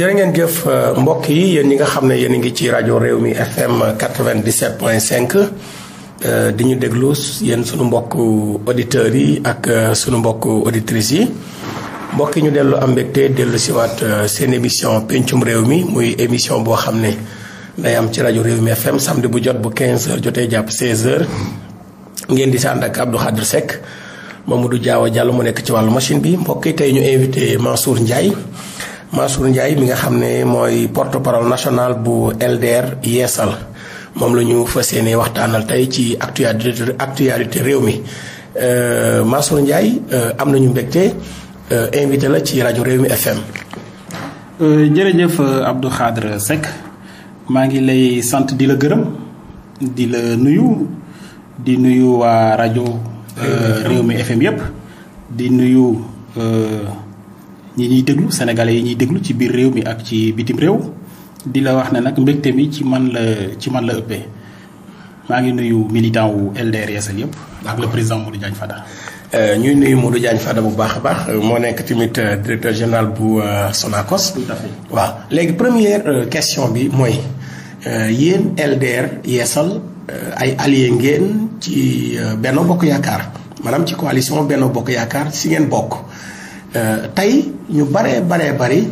jërë ngeen jëf euh, mbokk yi yéen ñi nga xam ne yéen a ngi ci rajo réew mi FM 97.5 di ñu déglu yéen sunu mbokk auditeurs yi ak euh, sunu mbokk auditrices yi mbokk yi ñu dellu am mbégte dellu siwaat euh, seen émission pencum réew mi muy émission boo xam ne day am ci rajo réew mi FM samedi bu jot bu 15 jotee jàpp 16h ngeen di si ànd ak Abdou Khadre Seck Mamadou Diawa Diallo mu nekk ci wàllu machine bi mbokk yi tey ñu invité Mansour Ndiaye. Mansour Ndiaye mi nga xam ne mooy porte parole national bu LDR yeesal moom la ñu fas yéene waxtaanal tey ci actualité actualité réew mi euh, Mansour Ndiaye euh, am nañu mbégte euh, invité la ci rajo réew mi FM. jërëjëf Abdou Khadre Seck maa ngi lay sant di la gërëm di la nuyu di nuyu waa rajo. réew mi FM yépp di nuyu. ñi ñuy déglu sénégalais yi ñuy déglu ci biir réew mi ak ci bitim réew di la wax ne nag mbégte mi ci man la ci man la ëppee maa ngi nuyu militant wu LDR Yeesal yëpp. ak le président Modou Diagne Fada. Euh, ñuy nuyu Modou Diagne Fada bu baax a baax moo nekk tamit euh, directeur général bu euh, Sonacos. tout à léegi première question bi mooy yéen LDR Yeesal ay allié ngeen ci Benno Bokk Yaakaar maanaam ci coalition Benno Bokk Yaakaar si ngeen bokk. Euh, tey ñu baree baree bari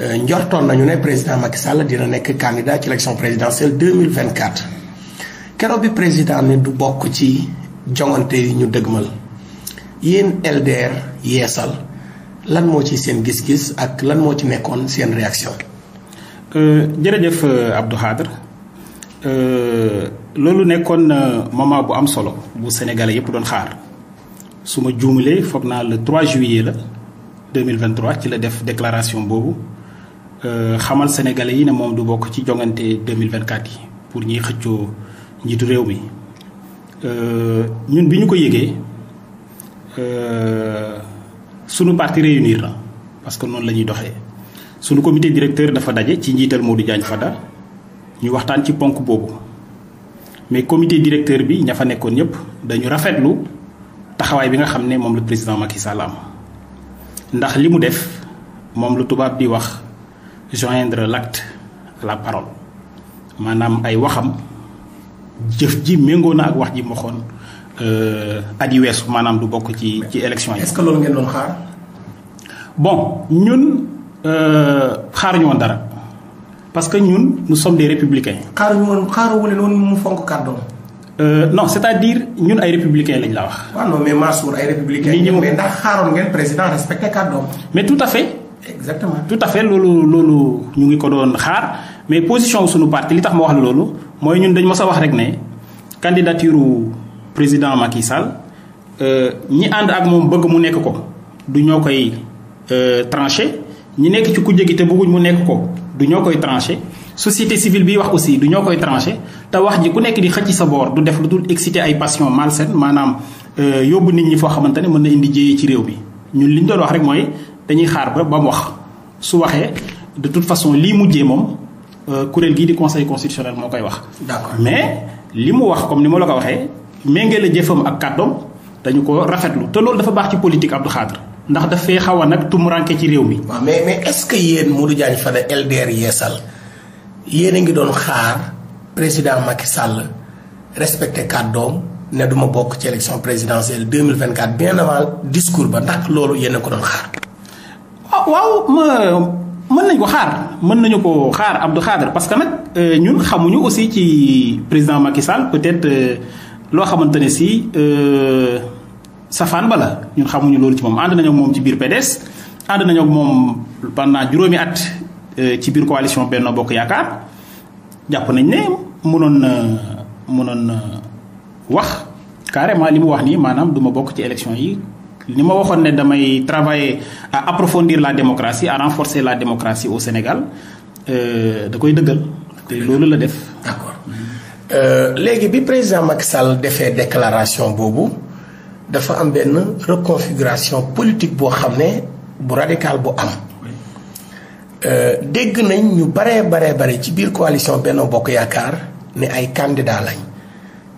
euh, njortoon nañu ne président Macky Sall dina nekk candidat ci élection présidentielle 2024 keroog bi président ne du bokk ci joŋante yi ñu dëgmal yéen LDR yeesal lan moo ci seen gis-gis ak lan moo ci nekkoon seen réaction. Euh, jërëjëf Abdou Khadre loolu nekkoon moment bu am solo bu Sénégalais yëpp doon xaar. su ma juumalee foog naa le trois juillet la 2023 ci la def déclaration boobu euh, xamal sénégalais yi ne moom du bokk ci jongante 2024 yi pour ñuy xëccoo njiitu réew mi euh, ñun bi ñu ko yëgee euh, sunu parti réunir la parce que noonu la ñuy doxee sunu comité directeur dafa daje ci njiital moo Modou Diagne Fada ñu waxtaan ci ponk boobu mais comité directeur bi ña fa nekkoon ñëpp dañu rafetlu. taxawaay bi nga xam ne moom la président Macky Sall ndax li mu def moom lu tubaab di wax joindre l'acte à la parole maanaam ay waxam jëf ji méngoo na ak wax ji mu waxoon euh, at yi weesu maanaam du bokk ci ci élection yi. est-ce que loolu ngeen doon xaar. bon ñun euh, xaaruñu woon dara parce que ñun nous sommes des républicains. xaaruñu woon xaaruwul woon mu fonk kàddoom. Euh, non c'est-à-dire ñun ay républicain lañ laa wax. waaw mais Mansour ay républicain. nit ñi mais ndax xaaroon ngeen président tout à fait. tout à fait loolu loolu ñu ngi ko doon xaar mais position suñu parti li tax ma wax la loolu mooy ñun dañu mës a wax rek ne candidature président Macky Sall euh, ñi ànd ak moom bëgg mu nekk ko du ñoo koy euh, tranché ñi nekk ci ku gi te bëgguñ mu nekk ko du ñoo koy tranché. société civile bi wax aussi du ñoo koy tranché te wax ji ku nekk di xëcc sa boor du def lu dul exciter ay passion malsaine maanaam euh, yóbbu nit ñi foo xamante ne mën na indi jéyee ci réew mi ñun li ñu doon wax rek mooy dañuy xaar ba ba mu wax su waxee de toute façon lii mujjee moom euh, kuréel gii di conseil constitutionnel moo koy wax. d'accord mais li mu wax comme ni ma la ko waxee méngale jëfam ak kàddoom dañu ko rafetlu te loolu dafa baax ci politique Abdou Khadre ndax dafay xaw a nag tumuranke ci réew mi. waaw mais est-ce que yéen Modou Diagne Fada LDR yeesal. yéen a ngi doon xaar président Macky Sall respecté kàddoom ne duma bokk ci élection présidentielle 2024 bien avant discours ba ndax loolu yéen a ko doon xaar. Ah, waaw ma mën nañ ko xaar mën nañu ko xaar Abdou Khader parce que nag euh, ñun xamuñu aussi ci président Macky Sall peut-être euh, loo xamante ne si euh, safaan ba la ñun xamuñu loolu ci moom ànd nañu ak moom ci biir PDS ànd nañu ak moom pendant juróomi at. Euh, ci biir coalition Benno Bokk Yaakaar jàpp nañ ne mënoon na mënoon na wax carrément li mu wax nii maanaam du ma bokk ci élection yi li ma waxoon ne damay travailler à approfondir la démocratie à renforcer la démocratie au Sénégal euh, da koy dëggal te loolu la def. d'accord euh, léegi bi président Macky Sall defee déclaration boobu dafa am benn reconfiguration politique boo xam ne bu radical bu am. Euh, dégg nañ ñu baree baree bare ci biir coalition benn Bokk Yaakaar ne ay candidat lañ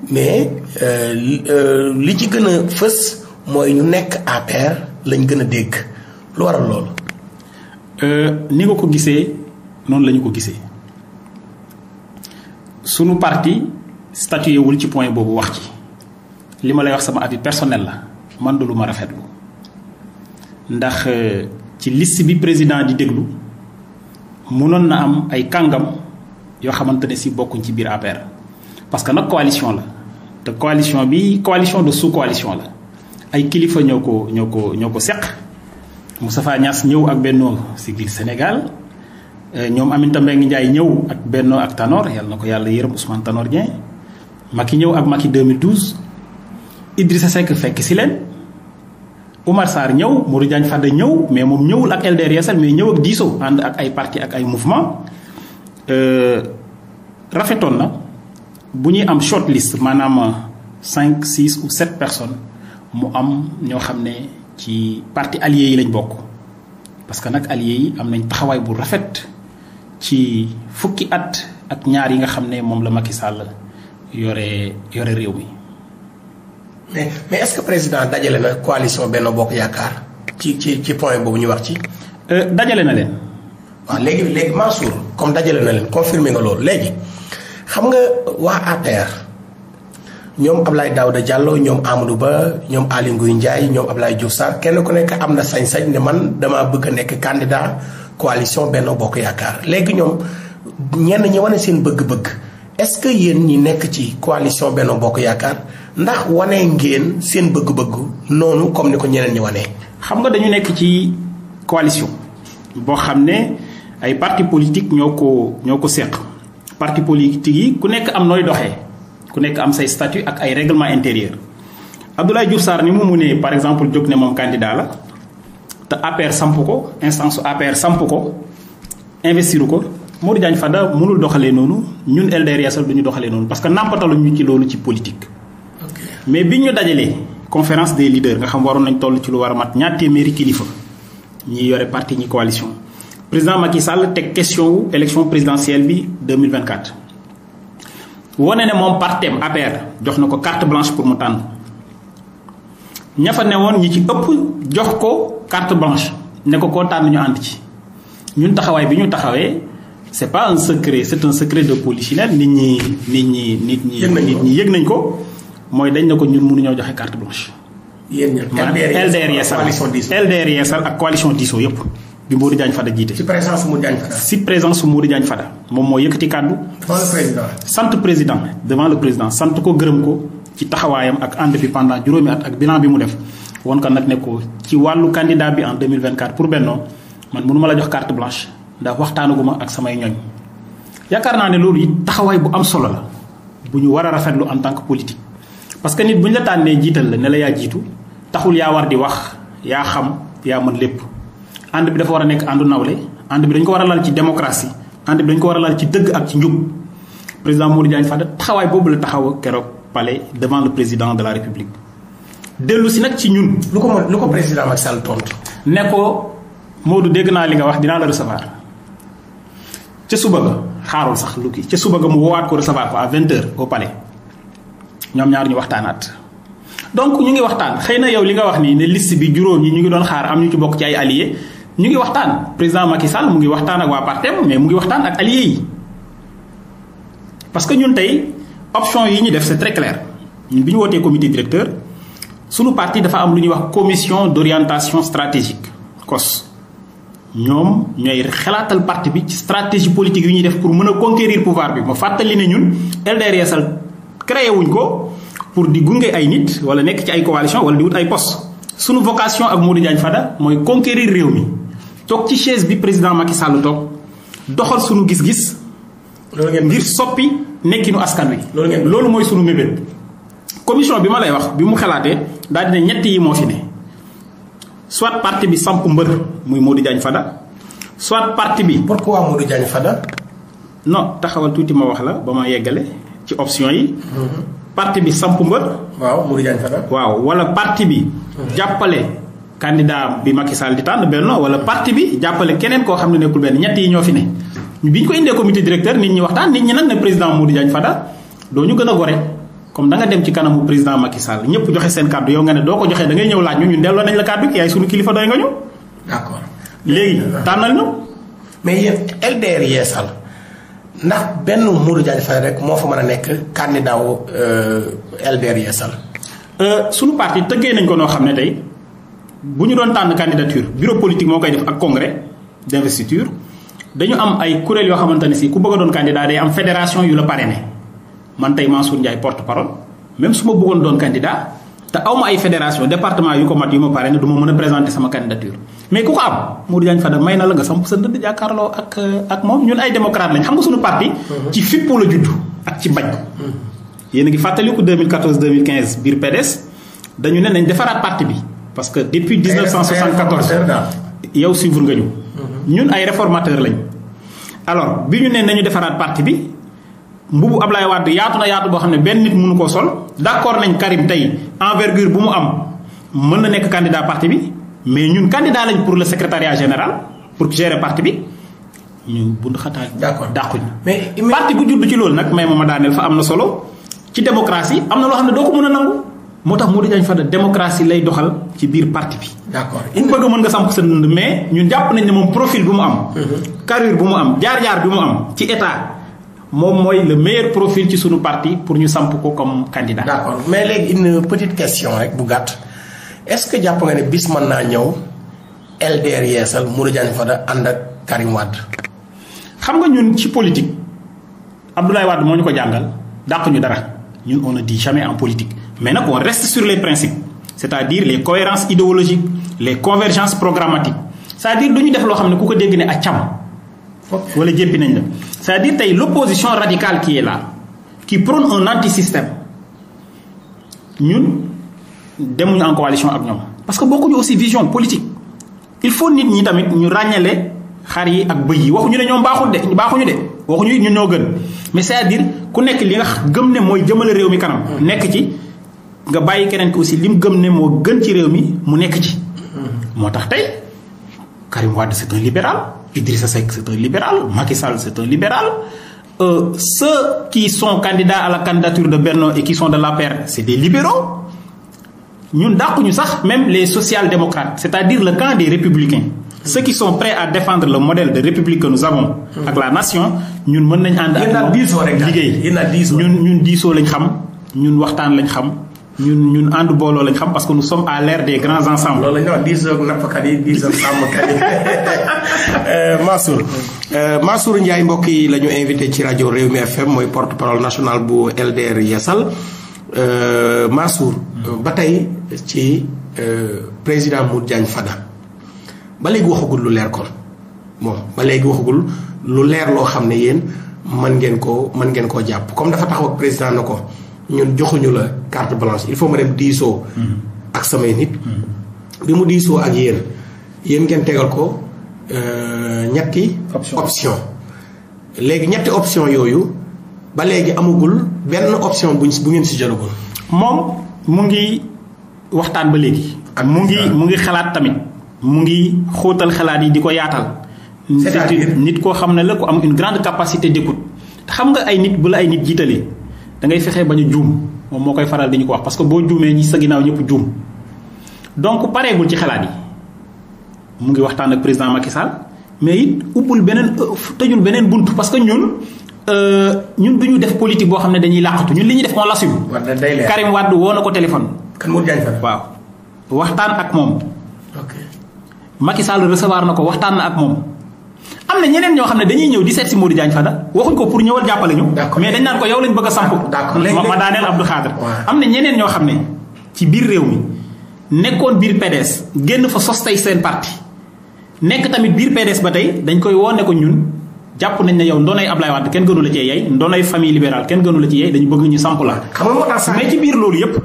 mais euh, euh, li ci gën a fës mooy ñu nekk APR lañ gën a dégg lu waral loolu. ni nga ko gisee noonu lañu ko gisee sunu parti statué wul ci point boobu wax ci li ma lay wax sama avis personnel la man du lu ma rafetlu ndax ci liste bi président di déglu. mënoon na am ay kàngam yoo xamante ne si bokkuñ ci biir APR parce que nag coalition la te coalition bi coalition de sous coalition la ay kilifa ñoo ko ñoo ko ñoo ko seq Moustapha Niass ñëw ak si Siggil Sénégal euh, ñoom Aminata ngi Ndiaye ñëw ak Benno ak Tanor yàlla na ko yàlla yërëm Ousmane Tanor Dieng Macky ñëw ak Macky 2012 Idrissa Seck fekk si leen Oumar Sarr ñëw Modou Diagne Fada ñëw mais moom ñëwul ak LDR Yeesal mais ñëw ak diisoo ànd ak ay parti ak ay mouvement euh, rafetoon na bu ñuy am short list maanaam cinq six ou sept personnes mu am ñoo xam ne ci parti alliés yi lañ bokk parce que nag allier yi am nañ taxawaay bu rafet ci fukki at ak ñaar yi nga xam ne moom la Macky Sall yore yore réew mi mais mais est-ce président dajale na coalition Benno Bokk Yaakaar ci ci ci point boobu ñu wax ci. Euh, dajale na leen. waaw léegi léegi Mansour comme dajale na leen confirmé nga loolu léegi xam nga wax APR ñoom Ablaye Daouda Diallo ñoom Amadou Ba ñoom Aly Ngouille Ndiaye ñoom Ablaye Diouf Sarr kenn ku nekk am na sañ-sañ ne man damaa bëgg a nekk candidat coalition Benno Bokk Yaakaar léegi ñoom ñenn ñi wane seen bëgg-bëgg est-ce que yéen ñi nekk ci coalition Benno Bokk Yaakaar. ndax wane ngeen seen bëgg-bëgg noonu comme ni ko ñeneen ñi wane. xam nga dañu nekk ci coalition boo xam ne ay parti politique ñoo ko ñoo ko seq parti politique yi ku nekk am nooy doxee ku nekk am say statu ak ay règlement intérieur Abdoulaye Diouf Sarr ni mu mu ne par exemple jóg ne moom candidat la te APR samp ko instance APR samp ko investir ko Modou Diagne Fada mënul doxalee noonu ñun LDR Yeesal du ñu doxalee noonu parce que nàmpataluñu ci loolu ci politique. mais bi ñu dajalee conférence des leaders nga xam waroon nañ toll ci lu war a mat ñaar téeméeri kilifa ñi yore parti ñi coalition président Macky Sall teg question wu élection présidentielle bi 2024. wane ne moom partem APR jox na ko carte blanche pour mu tànn ña fa woon ñi ci ëpp jox ko carte blanche ne ko koo tànn ñu ànd ci ñun taxawaay bi ñu taxawee c'est pas un secret c'est un secret de polichinelle nit ñi nit ñi nit ñi. yëg nañ ko nit ñi nañ ko. mooy dañ na ko ñun mënuñoo joxe carte blanche. yéen LDR Yeesal LDR Yeesal ak coalition Disso yëpp. bi Modou Diagne Fada jiite. ci présence su Modou Diagne Fada. ci présence su Modou Diagne Fada moom moo yëkkati kàddu. devant le président. sant président devant le président sant ko gërëm ko ci taxawaayam ak ànd bi pendant juróomi at ak bilan bi mu def. woon ko nag ne ko ci wàllu candidat bi en 2024 pour Benno man mënu ma la jox carte blanche ndax waxtaanaguma ak samay ñoñ. yaakaar naa ne loolu it taxawaay bu am solo la bu ñu war a rafetlu en tant que politique. parce que nit bu ñu la tànnee jiital la ne la yaa jiitu taxul yaa war di wax yaa xam yaa mën lépp ànd bi dafa war a nekk àndu nawle ànd bi dañ ko war a lal ci démocratie ànd bi dañ ko war a lal ci dëgg ak ci njub président Modou Diagne fa taxawaay boobu la taxaw keroog palais devant le président de la république. dellu si nag ci ñun. lu ko lu ko président Macky Sall tontu. ne ko Modou dégg naa li nga wax dinaa la recevoir ca suba ga xaarul sax ca suba ga mu woowaat ko recevoir ko à 20h ñoom ñaar ñu waxtaanaat donc ñu ngi waxtaan xëy na yow li nga wax nii ne liste bi juróom yi ñu ngi doon xaar am ñu ci bokk ci ay alliés ñu ngi waxtaan président Macky Sall mu ngi waxtaan ak waa partem mais mu ngi waxtaan ak parce que ñun tey option yi ñu def c'est très clair ñu wootee comité directeur suñu parti dafa am lu ñuy wax commission d'orientation stratégique COS ñoom ñooy xalaatal parti bi ci stratégie politique yu ñu def pour mën a conquérir pouvoir bi ma fàttali na ñun LDR Yeesal créé wuñ ko pour di gunge ay nit wala nekk ci ay coalition wala di wut ay poste sunu vocation ak Modou Diagne Fada mooy conquérir réew mi toog ci chaise bi président Macky Sall toog doxal sunu gis-gis. loolu ngir soppi nekkinu askan wi. loolu loolu mooy sunu mébét. commission bi ma lay wax bi mu xalaatee daal dina ñett yi moo fi ne soit parti bi samp mbër muy Modou Diagne Fada soit parti bi. pourquoi Modou Diagne Fada. non taxawal tuuti ma wax la ba ma yeggale. ci option yi. parti bi samp mbër. waaw Modou waaw wala parti bi. jàppale candidat bi Macky Sall di tànn Benno wala parti bi jàppale keneen koo xam ne nekkul benn ñett yi ñoo fi ne. bi ñu ko indee comité directeur nit ñi waxtaan nit ñi nag ne président Modou Diagne Fada doo ñu gën a gore comme da dem ci kanamu président Macky Sall ñëpp joxe seen kàddu yow nga ne doo ko joxee da ngay ñëw laaj ñu ñun delloo nañ la kàddu ki yaay suñu kilifa doy nga ñu. léegi tànnal ñu. mais yéen LDR yeesal. ndax benn Modou Diagne Fada rek moo fa man a nekk candidat wu euh, LDR Yeesal. Euh, suñu parti tëggee nañ ko noo xam ne tey bu ñu doon tànn candidature bureau politique moo koy def ak congrès d'investiture dañu am ay kuréel yoo xamante ne si ku bëgg a doon candidat day am fédération yu la parrainé man tey Mansour Ndiaye porte parole même su ma bëggoon doon candidat. te awma ay fédération département yu ko mat yu ma pare ne du ma mën a présenter sama candidature mais ku ko am Modou Diagne Fada may na la nga samp sa ndënd jàkkaarloo ak euh, ak moom ñun ay démocrate lañ xam nga suñu parti ci fippu la judd ak ci bañ yéen a ngi fàttaliku 2014 2015 biir PDS dañu ne nañ defaraat parti bi parce que depuis 1974 yow suivre nga ñu mhm. ñun ay réformateur lañ alors bi ñu ne nañu defaraat parti bi mbubu Ablaye Wade yaatu na yaatu boo xam ne benn nit mënu koo sol d'accord nañ Karim tey envergure bu mu am mën na nekk candidat parti bi mais ñun candidat lañ pour le secrétariat général pour gérer parti bi ñu bund xataa d'accord dàquñu mais parti bu judd ci loolu nag mais ma daaneel fa am na solo ci démocratie am na loo xam ne doo ko mën a nangu moo tax Modou Diagne Fada démocratie lay doxal ci biir parti bi. d'accord ku bëgg mën nga samp sa dund mais ñun jàpp nañ ne moom profil bu mu am. Mhm. carrure bu mu am jaar jaar bi mu am ci état. moom mooy le meilleur profil ci suñu parti pour ñu samp ko comme candidat. d'accord mais léegi une petite question rek bu gàtt est-ce que jàpp nga ne bis mën naa ñëw LDR Yeesal Modou Diagne Fada ànd ak Karim Wade. xam nga ñun ci politique Abdoulaye Wade moo ñu ko jàngal dàq ñu dara ñun on a dit jamais en politique mais nag on reste sur les principes c'est-à-dire les cohérences idéologiques les convergences programmatiques c'est-à-dire du ñu def loo xam ne ku ko dégg ne a wala jéppi nañ la c'est-à-dire tey l'opposition radicale qui est là qui prone un anti-système ñun dem en coalition ak ñoom parce que bokkuñu aussi vision politique il faut nit ñi tamit ñu ràññale xar yi ak bëy yi waxuñu ne ñoom baaxul de baaxuñu de waxuñu ñun ñoo gën mais cest dire ku nekk li nga gëm ne mooy jëmale réew mi kanam. nekk ci nga bàyyi keneen ki aussi li mu gëm ne moo gën ci réew mi mu nekk ci. Mm-hmm. moo tax tey Karim Wade c'est un libéral. Idrissa Seck c'est un libéral Macky Sall c'est un libéral euh, ceux qui sont candidats à la candidature de Benno et qui sont de l'APR c'est des libéraux ñun dàquñu sax même les social-démocrates c'est-à-dire le camp des républicains ceux qui sont prêts à défendre le modèle de république que nous avons ak la nation ñun mën nañ ànd ak liggéey ñun ñun diisoo lañ xam ñun waxtaan lañ xam ñun ñun ànd booloo lañ xam parce que nous sommes à l'ère des grands ensembles. loolu la ñuy wax dix heures nappkat yi dix heures sàmmkat yi. Euh, Mansour euh, Mansour Ndiaye mbokk yi la invité ci rajo Réwmi FM mooy porte parole national bu LDR Yessal euh, Mansour. ba tey ci président Modou Diagne Fada ba léegi waxagul lu leer kon bon ba léegi waxagul lu leer loo xam ne yéen mën ngeen koo mën ngeen koo jàpp comme dafa taxaw ak président na ko. ñun joxuñu la carte blanche il faut ma dem diisoo. Mm-hmm. ak samay nit. Mm-hmm. bi mu diisoo ak yéen yéen ngeen tegal ko euh, ñetti. option léegi ñetti option yooyu ba léegi amagul benn option buñ bu ngeen si jëlagul. moom mu ngi waxtaan ba léegi. ak mu ngi mu ngi xalaat tamit. mu ngi xóotal xalaat yi di ko yaatal. nit koo xam ne la ku am une grande capacité d'écoute. xam nga ay nit bu la ay nit jiitalee. da ngay fexe bañ a juum moom moo koy faral di ñu ko wax parce que boo juumee ñi sa ginnaaw ñëpp juum donc paree pareegul ci xalaat yi mu ngi waxtaan ak président Macky Sall mais it ubbul beneen tëjul beneen bunt parce que ñun euh, ñun du ñu def politique boo xam ne dañuy làqatu ñun li ñu def on l'assume. Karim Wade woo na ko téléphone. kan moo jaay fa waaw waxtaan ak moom. ok Macky Sall recevoir na ko waxtaan na ak moom. am na ñeneen ñoo xam ne dañuy ñëw di seet si Modou Diagne Fada waxuñ ko pour ñëwal jàppale ñu. mais dañ naan ko yow lañ bëgg a sampu. ma daaneel Abdou Khadre. am na ñeneen ñoo xam ne ci biir réew mi nekkoon biir PDS génn fa sos tey seen parti nekk tamit biir PDS ba tey dañ koy woo ne ko ñun jàpp nañ ne yow ndoonay Ablaye Wade kenn gënu la ci yey ndoonay famille libérale kenn gënu la ci yey dañu bëgg ñu samp la. mais ci biir loolu yépp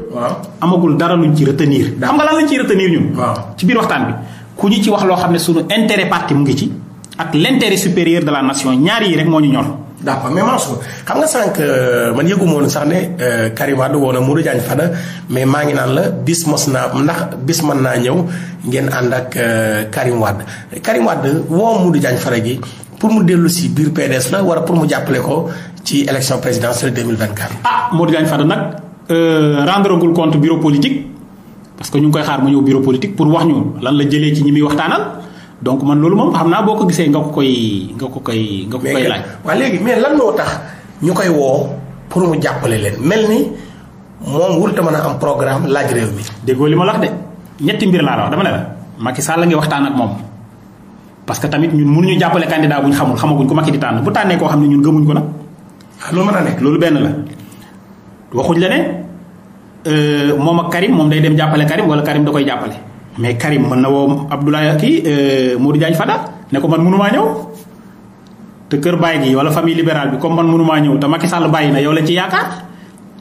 amagul dara luñ ci retenir. xam nga lan lañ ciy retenir ñun. ci biir waxtaan bi ku ñu ci wax loo xam ne sunu intérêt parti mu ngi ci ak l'intérêt supérieur de la nation ñaar yi rek moo ñu ñor. d'accord mais Mansour xam nga sànq euh, man yëgu woon sax ne euh, Karim Wade woon na Modou Diagne Fada mais maa ngi naan la bis mos naa ndax bis mën naa ñëw ngeen ànd ak euh, Karim Wade Karim Wade woo Modou Diagne Fada gi pour mu dellu si biir PDS la wala pour mu jàppale ko ci élection présidentielle 2024. ah Modou Diagne Fada nag rendre gul compte bureau politique parce que ñu ngi koy xaar mu ñëw bureau politique pour wax ñu lan la jëlee ci ñi muy waxtaanal. donc man loolu moom xam naa boo ko gisee nga ko koy nga ko koy nga ko koy laaj. waaw léegi mais lan moo tax ñu koy woo pour mu jàppale leen mel ni moom wul te mën a am programme laaj réew mi. déggoo li ma lax de ñetti mbir laa la dama ne la Macky la ngi waxtaan ak moom parce que tamit ñun mënuñu jàppale candidat bu ñu xamul xamaguñ ko makki di tànn bu tànnee koo xam ne ñun gëmuñ ko nag. ah loolu mën a nekk loolu benn la waxuñ la ne euh, moom ak Karim moom day dem jàppale Karim wala Karim da koy jàppale. mais Karim mën na woo Abdoulaye kii euh, Modou Diagne Fada ne ko man mënumaa ñëw te kër bàyyi gi wala famille libérale bi comme man mënumaa ñëw te Macky bàyyi na yow lañ ci yaakaar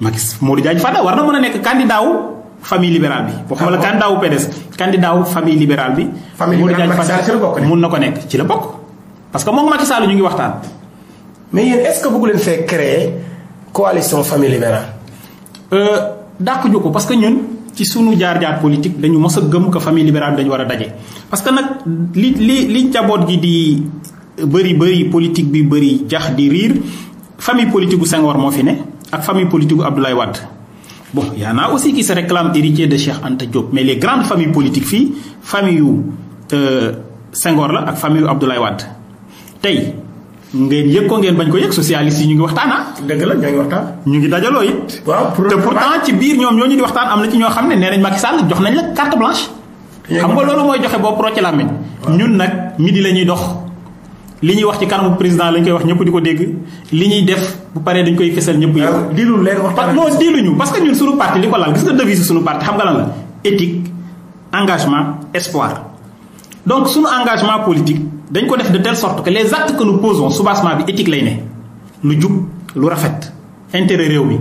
Macky Modou Diagne Fada war na mën a nekk candidat wu famille libérale bi. boo xam ne candidat wu PDS candidat wu famille bi. famille libérale Macky mun na ko nekk ci la bokk. parce que moom Macky Sall ñu ngi waxtaan. mais yéen est-ce que bëggu leen fee créer coalition famille libérale. Euh, dàq ñu ko parce que ñun. ci sunu jaar-jaar politique dañu mës a gëm que famille libérale bi dañu war a daje parce que nag li li li njaboot gi di bëri bëri politique bi bëri jax di riir famille politique gu Senghor moo fi ne ak famille politique gu Abdoulaye Wade bon y a aussi qui se réclament héritier de Cheikh Anta Diop mais les grandes familles politiques fii famille yu euh, sengoor la ak famille yu Abdoulaye Wade tey ngeen yëg ko ngeen bañ ko yëg socialiste yi ñu ngi waxtaan ah. dëgg la ñoo ngi waxtaan. ñu ngi dajaloo it. waaw te pourtant ci biir ñoom ñoo ñu di waxtaan am na ci ñoo xam ne nee nañ Macky Sall jox nañ la carte blanche. xam nga loolu mooy joxe bopp rocc làmmiñ ñun nag midi la ñuy dox. li ñuy wax ci kanamu président lañ koy wax ñëpp di ko dégg li ñuy def bu paree dañ koy fësal ñëpp yow. diilu leen waxtaan non diiluñu parce que ñun suñu parti li ko laal gis nga devise suñu parti xam nga lan donc suñu engagement politique dañ ko def de telle sorte que les actes que nous posons soubassement bi éthique lay ne lu jub lu rafet intérêt réew mi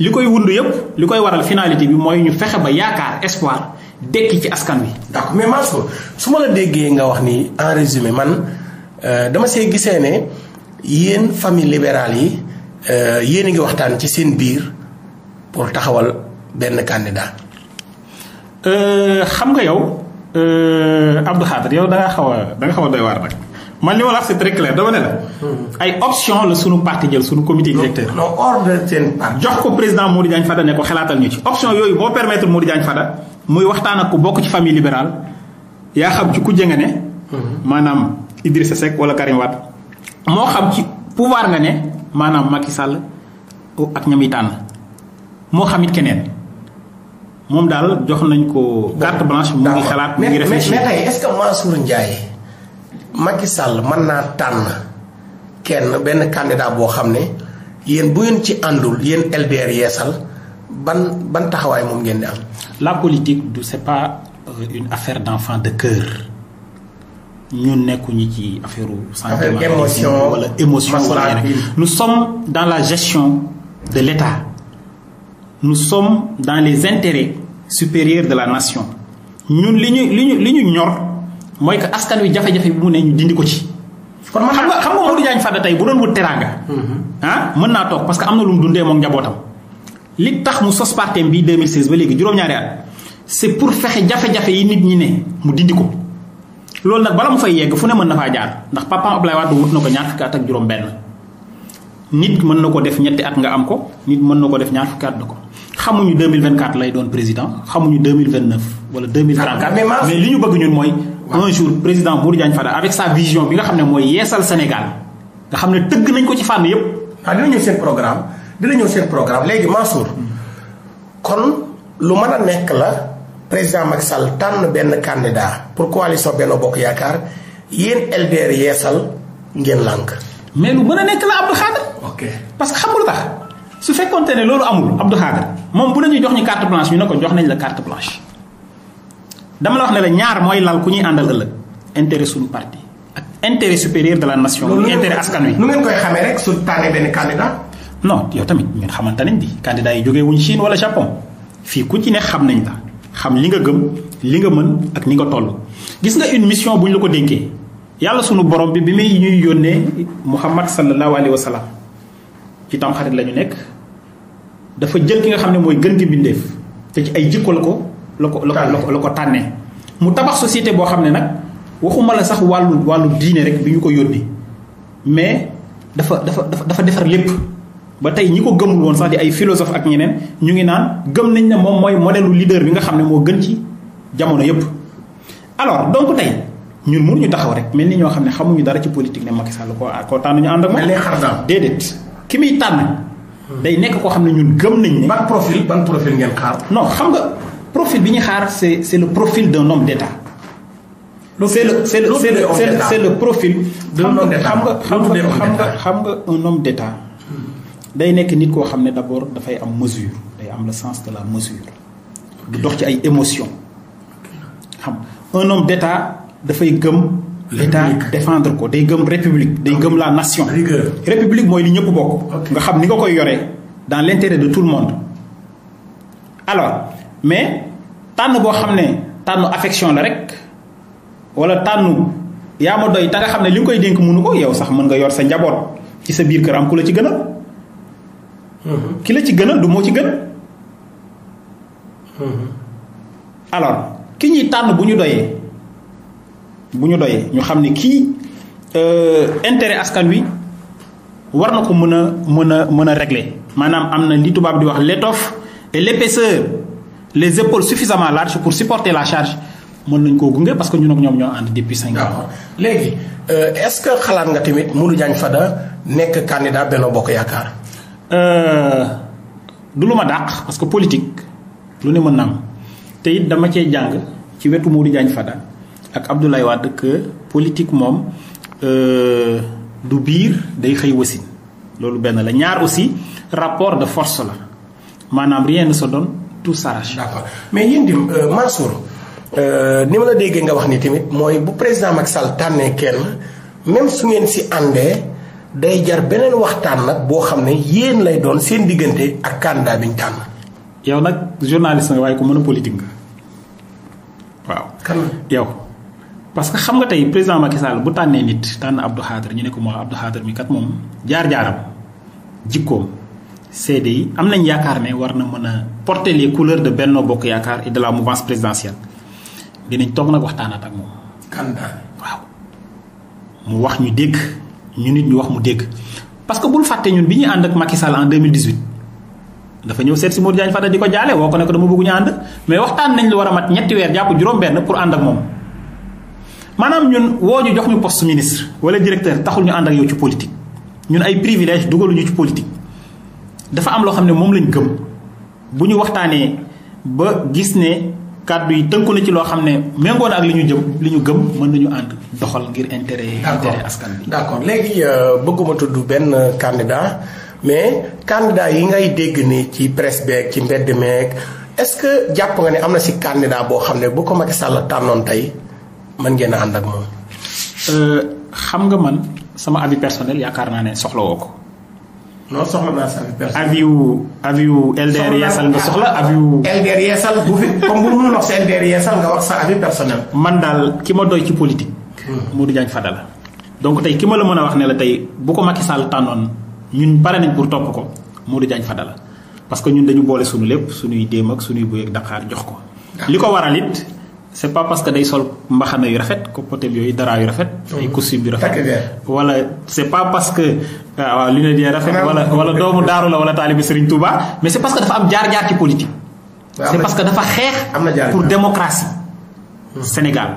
li koy wund yëpp li koy waral finalité bi mooy ñu fexe ba yaakaar espoir dekki ci askan wi. d'accord mais Mansour su ma déggee nga wax ni en résumé man euh, dama see gisee ne yéen famille libérale yi euh, yéen a ngi waxtaan ci seen biir pour taxawal benn candidat. Euh, xam nga yow. Euh, Abdou Khadre yow da ngaa xaw a da nga xaw a doy waar nag man li ma la wax c'est très clair dama ne la. ay option la sunu parti jël sunu comité directeur. non jox ko président Modou Diagne Fada ne ko xalaatal ñu ci. option yooyu boo permettre Modou Diagne Fada muy waxtaan ak ku bokk ci famille libérale yaa xam ci ku jënga ne. Mhm. maanaam Idrissa Seck wala Karim Wade moo xam ci pouvoir nga ne maanaam Macky Sall ak ñam yi tànn moo xam keneen. moom daal jox nañ ko. carte blanche mu ngi xalaat mu ngi. réfléchir mais mais est-ce que Mansour Ndiaye. Macky Sall mën naa tànn kenn benn candidat boo xam ne yéen bu ngeen ci àndul yéen LDR yeesal ban ban taxawaay moom ngeen di am. la politique du c'est pas euh, une affaire d'enfant de cœur ñun nekkuñu ci affaire. sentiment émotion wala émotion wala yeneen nous dans la gestion de l'État. nous sommes dans les intérêts supérieurs de la nation ñun li ñu li ñu li ñu ñor mooy que askan wi jafe-jafe bi mu ne ñu dindi ko ci. kon man xam nga xam nga Modou Diagne Fada tey bu doon wut teraanga. Mhm. ah mën naa toog parce que am na lu mu dundee moom njabootam. li tax mu sos partem bi 2016 ba léegi juróom-ñaari at c'est pour fexe jafe-jafe yi nit ñi ne mu dindi ko loolu nag bala mu fay yegg fu ne mën na faa jaar ndax papa Abdoulaye Wade wut na ko ñaar fukki at ak juróom-benn. nit mën na ko def ñetti at nga am ko nit mën na ko def ñaar fukki at la ko xamuñu 2024 lay doon président xamuñu 2029 wala 2034 ah, mais li ñu bëgg ñun mooy un jour président Bour Diagne Fada avec sa vision bi nga xam ne mooy yeesal Sénégal nga xam ne tëgg nañ ko ci fànn yépp waaw ah, dina ñëw seen programme dina ñëw seen programme léegi Mansour kon lu mën a nekk la président Macky Sall tànn benn candidat pour coalition Benno Bokk Yaakaar yéen LDR yeesal ngeen lànk mais lu mën a nekk la Abdou Khadre. ok parce que xam nga lu tax su fekkonte ne loolu amul Abdou Khadre moom bu nañu jox ñu carte blanche ñu ne ko jox nañ la carte blanche dama la wax ne la ñaar mooy lal ku ñuy àndal ëllëg intérêt suñu parti ak intérêt supérieur de la nation. loolu intérêt askan wi. nu ngeen koy xamee rek su tànnee benn candidat. non yow tamit ñun xamante nañ bi candidat yi jógee wuñ Chine wala Japon fii ku ci ne xam nañ la xam li nga gëm li nga mën ak ni nga toll gis nga une mission bu ñu la ko dénkee yàlla sunu borom bi bi muy ñuy yónnee muhammad sallallahu alayhi wa sallam ci tamxarit la ñu nekk dafa jël ki nga xam ne mooy gën gi bindeef te ci ay jikko la ko la ko la ko la ko tànnee mu tabax société boo xam ne nag waxuma la sax wàllu wàllu diine rek bi ñu ko yónni mais dafa dafa dafa defar lépp ba tey ñi ko gëmul woon sax di ay philosophe ak ñeneen ñu ngi naan gëm nañ ne moom mooy modèle leader bi nga xam ne moo gën ci jamono yépp alors donc tey ñun mënuñu taxaw rek mel ni ñoo xam ne xamuñu dara ci politique ne Macky Sall ko ah ko tànn ñu ànd ak moom déedéet ki muy tànn day nekk koo xam ne ñun gëm nañ ne ban profil ban profil ngeen xaar non xam nga profil bi ñuy xaar c'est c'est le profil d'un homme d'état c'est le c'est le c'est le profil xam nga xam nga xam nga xam nga un homme d'état day nekk nit koo xam ne d'abord dafay am mesure day am le sens de la mesure du dox ci ay émotions xam un homme d'état dafay gëm l'état defendre ko day gëm république day gëm la nation république mooy li ñëpp bokk nga xam ni nga koy yore dans l'intérêt de tout le monde alors mais tànn boo xam ne tànnu affection la rek wala tànn yaa ma doy ta nga xam ne li nga koy dénk mënu ko yow sax mën nga yor sa njaboot ci sa biir kër am ku la ci gën a mhm. ki la ci gën a du moo ci gën mhm. alors ki ñuy tànn bu ñu doyee bu ñu doyee ñu xam ne kii euh, intérêt askan wi war na ko mën a mën a mën a régler maanaam am na li tubaab di wax l'étoffe et l'épaisseur les épaules suffisament larges pour supporter la charge mën nañ koo gunge parce que ñu ak ñoom ñoo ànd depuis cinq ans. léegi euh, est-ce que xalaat nga tamit Modou Diagne Fada nekk candidat Benno Bokk Yaakaar. Euh, du lu ma dàq parce que politique lu ne mën na am te it dama cee jàng ci wetu Modou Diagne Fada. ak Abdoulaye waa dëkk politique moom euh, du biir day xëy wasin loolu benn la ñaar aussi rapport de force la maanaam rien sa se donne tout s'arrache. d'accord mais yéen di euh, Mansour euh, ni ma la déggee nga wax ni tamit mooy bu président Macky Sall tànnee kenn même su ngeen si àndee day jar beneen waxtaan nag boo xam ne yéen lay doon seen diggante ak candidat bi tànn. yow nag journaliste nga waaye ko mën a politique nga waaw. yow. parce que xam nga tey président Macky Sall bu tànnee nit tànn Abdou Khadre ñu ne ko moo Abdou Khadre mi kat moom jaar-jaaram jikkoom seede yi am nañ yaakaar ne war na mën a porter les couleurs de Benno Bokk Yaakaar et de la mouvance présidentielle dinañ toog nag waxtaanaat ak moom. kandaar waaw. mu wax ñu dégg ñu nit ñu wax mu dégg parce que bul fàtte ñun bi ñuy ànd ak Macky Sall en 2018 dafa ñëw seet si Modou Diagne Fada di ko jaale woo ko ne ko dama bëgg ànd mais waxtaan nañ lu war a mat ñetti weer jàpp juróom-benn pour ànd moom. maanaam ñun woo ñu jox ñu poste ministre wala directeur taxul ñu ànd ak yow ci politique ñun ay privilège dugaluñu ci politique dafa am loo xam ne moom lañ gëm bu ñu waxtaanee ba gis ne kàddu yi tënku na ci loo xam ne méngoo na ak li ñu jëm li ñu gëm mën nañu ànd doxal ngir intérêt yi. intérêt askan bi d'accord léegi euh, bëgguma tudd benn candidat mais candidat yi ngay dégg ni ci presse ci mbedd meeg est-ce que jàpp nga ne am na si candidat boo xam ne bu ko Macky Sall tànnoon tey mën ngeen a ànd ak moom. Euh, xam nga man sama avis personnel yaakaar naa ne soxlawoo ko. non soxla naa sa avis personnel. avis yu avis yu LDR yeesal nga soxla avis yu. LDR yeesal bu fi comme bu mënul wax sa nga wax sa man daal ki ma doy ci politique. Hmm. Modou Diagne Fada la. donc tey ki ma la mën a wax ne la tey bu ko Macky Sall tànnoon ñun pare nañ pour topp ko Modou Diagne Fada la parce que ñun dañu boole suñu lépp suñuy déem ak suñuy buy ak Dakar jox ko. li ko waral it c'est pas parce que day sol mbaxana yu rafet côté yooyu daraa yu rafet. ay mm-hmm. costume yu rafet wala c'est pas parce que. Ah, waaw li ne di rafet wala wala doomu daaru la wala taalibi Serigne Touba mais c'est parce que dafa am jaar-jaar ci politique. c'est parce que dafa xeex. pour démocratie mm-hmm. Sénégal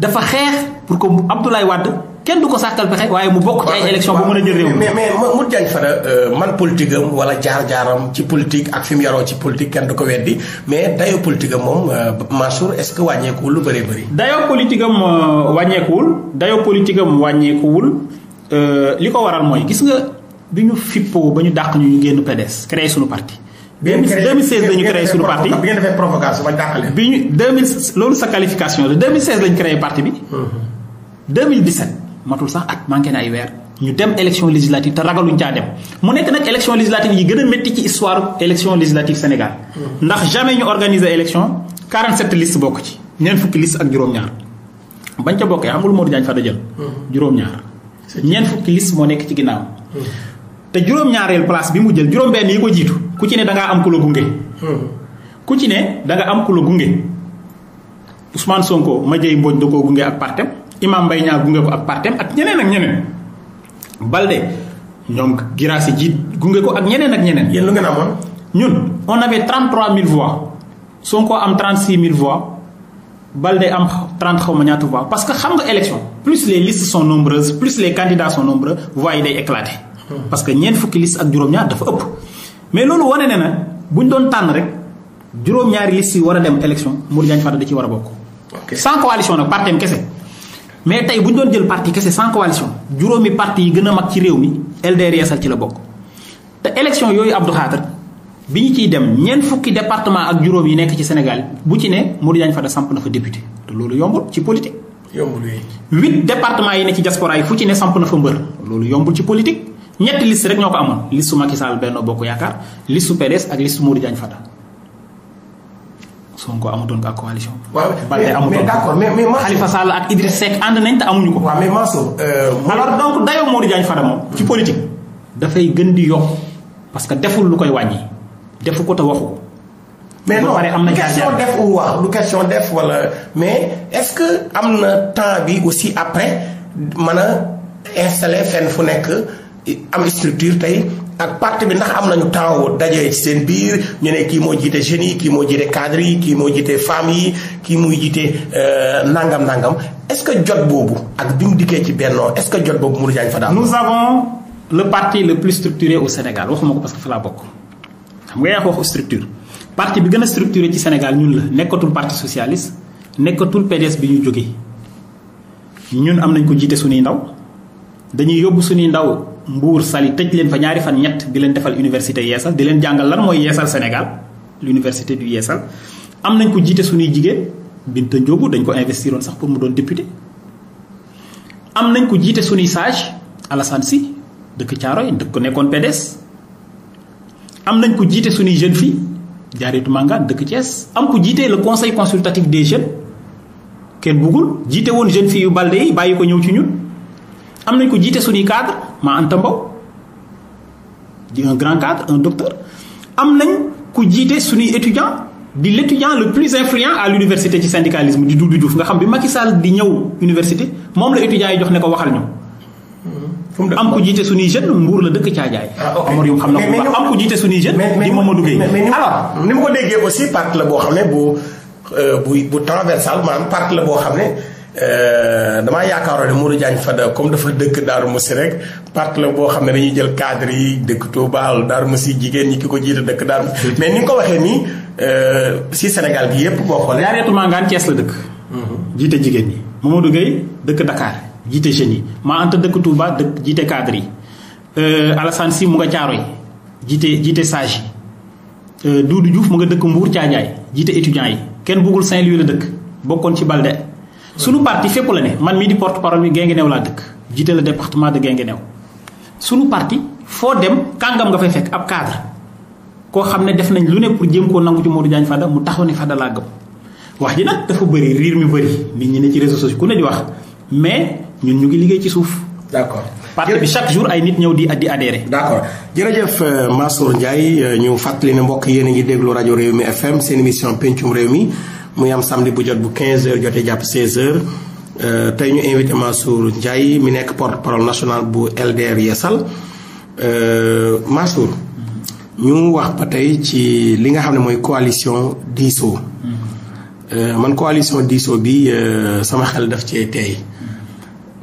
dafa xeex pour que Abdoulaye Wade. kenn du ko sàkkal pexe waaye mu bokk ci ay élection bu mën a jël réew mais mais Modou Diagne Fada euh, man politique am jaar-jaaram ci politique ak fi mu yaroo ci politique kenn du ko weddi mais dayo politique am moom euh, Mansour est-ce que wàññeekuwul lu bëree bëri dayo politique am euh, wàññeekuwul dayo politique am wàññeekuwul li ko waral mooy gis nga bi ñu fippoo ba ñu dàq ñu ñu génn PDS créé suñu parti 2016 lañu créé suñu parti bi ngeen defee provocation ba dàqale bi ñu 2000 loolu sa qualification la 2016 lañu créé parti bi 2017 matul sax at manqué na ay weer ñu dem élection législative te ragaluñ caa dem mu nekk nag élection législative yi gën a métti ci histoire élection législative Sénégal. Mm-hmm. ndax jamais ñu organiser élection 47 listes bokk ci ñeent fukki liste ak juróom-ñaar bañ ca bokkee xam moo lu Modou Diagne Fada jël. Mm-hmm. juróom-ñaar ñeent fukki list moo nekk ci ginnaaw. Mm-hmm. te juróom-ñaareel place bi mu jël juróom-benn yi ko jiitu ku ci ne da am kulo gunge. ku ci ne da am ku gunge Ousmane Sonko Madiaye Mbodj da koo gunge ak imam Mbaye Niang gunge ko ak partem ak ñeneen ak ñeneen Balde ñoom Girassi jiit gunge ko ak ñeneen ak ñeneen. yéen lu ngeen amoon. ñun on avait 33000 voix Sonko am 36000 voix Balde am 30 xaw ma ñaata voix parce que xam nga élection plus les listes sont nombreuses plus les candidats sont nombreux voix yi day éclater. Hmm. parce que ñeent fukki liste ak juróom-ñaar dafa ëpp. mais loolu wane ne na bu ñu doon tànn rek juróom-ñaari liste yi war a dem élection Modou Diagne Fada da ci war a bokk. sans coalition nag partem kese. mais tey bu ñu doon jël parti kese sans coalition juróomi parti yi gën a mag ci réew mi LDR Yeesal ci la bokk te élection yooyu Abdou Khadre bi ñu ciy dem ñeent fukki département ak juróom yi nekk ci Sénégal bu ci ne Modou Diagne Fada samp na fa député te loolu yombul ci politique. yombul huit yi ne ci diaspora yi fu ci ne samp na fa mbër loolu yombul ci politique ñetti liste rek ñoo ko amoon liste Macky Sall Bokk Yaakaar liste PDS ak liste Modou Diagne Fada. Sonko amatoon ko ak coalition. waaw mais mais d'accord mais mais Mansour Khalifa Sall ak Idriss Seck ànd nañ te amuñu ko. waaw mais Mansour. Euh, alors donc dayoo Modou Diagne Fada moom. ci politique dafay gën di yokk parce que deful lu koy wàññi defu ko te waxu ko. mais non am na question def ou wax question def wala mais est-ce que am na temps bi aussi après mën a installer fenn fu nekk am structure tey ak parti bi ndax am nañu temps dajee ci seen biir ñu ne kii moo jiite jeunes yi kii moo jiite cadres yi kii moo jiite femmes yi kii muy jiite euh, nangam nangam est-ce que jot boobu ak bi mu dikkee ci bennoo est-ce que jot boobu Modou Diagne Fada. nous avons le parti le plus structuré au Sénégal waxuma ko parce que fa laa bokk xam nga yaa wax structure parti bi gën a structuré ci Sénégal ñun la nekkatul parti socialiste nekkatul PDS bi ñu jógee ñun am nañ ko jiite suñuy ndaw dañuy yóbbu suñuy ndaw. mbuur sali tëj leen fa ñaari fan ñett di leen defal université yeesal di leen jàngal lan mooy yeesal Sénégal l'université du yeesal am nañ ko jiite suñuy jigéen Binta Ndiobou dañ ko investiroon sax pour mu doon député am nañ ko jiite suñuy sage Alassane si dëkk Thiaroye dëkk ko nekkoon PDS am nañ ko jiite suñuy jeune fii Diarratou Mangane dëkk Thiès am ko jiite le conseil consultatif des jeunes kenn buggul jiite woon jeune fii yu balde yi bàyyi ko ñëw ci ñun am nañ ko jiite suñuy cadre maa Anta Mbow di un grand cadre un docteur am nañ ku jiite suñuy étudiant di l' étudiant le plus influent à l'université ci syndicalisme di Doudou Diouf nga xam bi Macky Sall di ñëw université moom la étudiant yi jox ne ko waxal ñu am ku jiite suñuy jeune mbuur la dëkk caajaay amor yu xam na ko am ku jiite suñuy jeune di Mamadou Gueye alors ni ma ko déggee aussi parti la boo xam ne bu euh, bu bu transversal maanaam parti la boo xam ne Euh, damaa yaakaaroon ne Modou Diagne Fada comme dafa dëkk Darou Moussi rek parti la boo xam ne dañuy jël cadre yi dëkk Touba Darou Moussi jigéen ñi ki ko jiite dëkk Darou mais ni nga ko waxee nii euh, si Sénégal gi yépp boo xoolee. Yaareetu Mangane Thiès la dëkk. Mhm. jiite jigéen ñi. Mamadou duggee dëkk Dakar jiite jeunes yi maa anta dëkk Touba dëkk jiite cadre yi euh, Alassane Sy mu nga caaro yi jiite jiite sage yi Doudou Diouf mu nga dëkk mbuur Thiadiaye jiite étudiants yi kenn bëggul Saint-Louis la dëkk bokkoon ci Balde. sunu parti fépp la ne man mii di porte parole bi Guinguinéo laa dëkk jiite la département de Guinguinéo sunu parti foo dem kàngam nga fay fekk ab cadre koo xam ne def nañ lu ne pour jéem koo nangu ci Modou Diagne Fada mu taxaw ne Fada laa gëm wax ji nag dafa bëri riir mi bëri nit ñi ne ci réseaux sociaux ku ne di wax mais ñun ñu ngi liggéey ci suuf. d'accord parti bi chaque jour ay nit ñëw di di adhéré. d'accord jërëjëf euh, Massour Ndiaye euh, ñu fàttali ne mbokk yéen a ngi déglu rajo Réew mi FM seen émission pencum réew mi. muy am samedi bu jot bu 15h jotee jàpp 16h euh, tey ñu invité Mansour Ndiaye mi nekk porte parole national bu LDR Yeesal euh, Mansour. ñu wax ba tey ci li nga xam ne mooy coalition diisoo. Euh, man coalition diisoo bi sama xel def cee tey.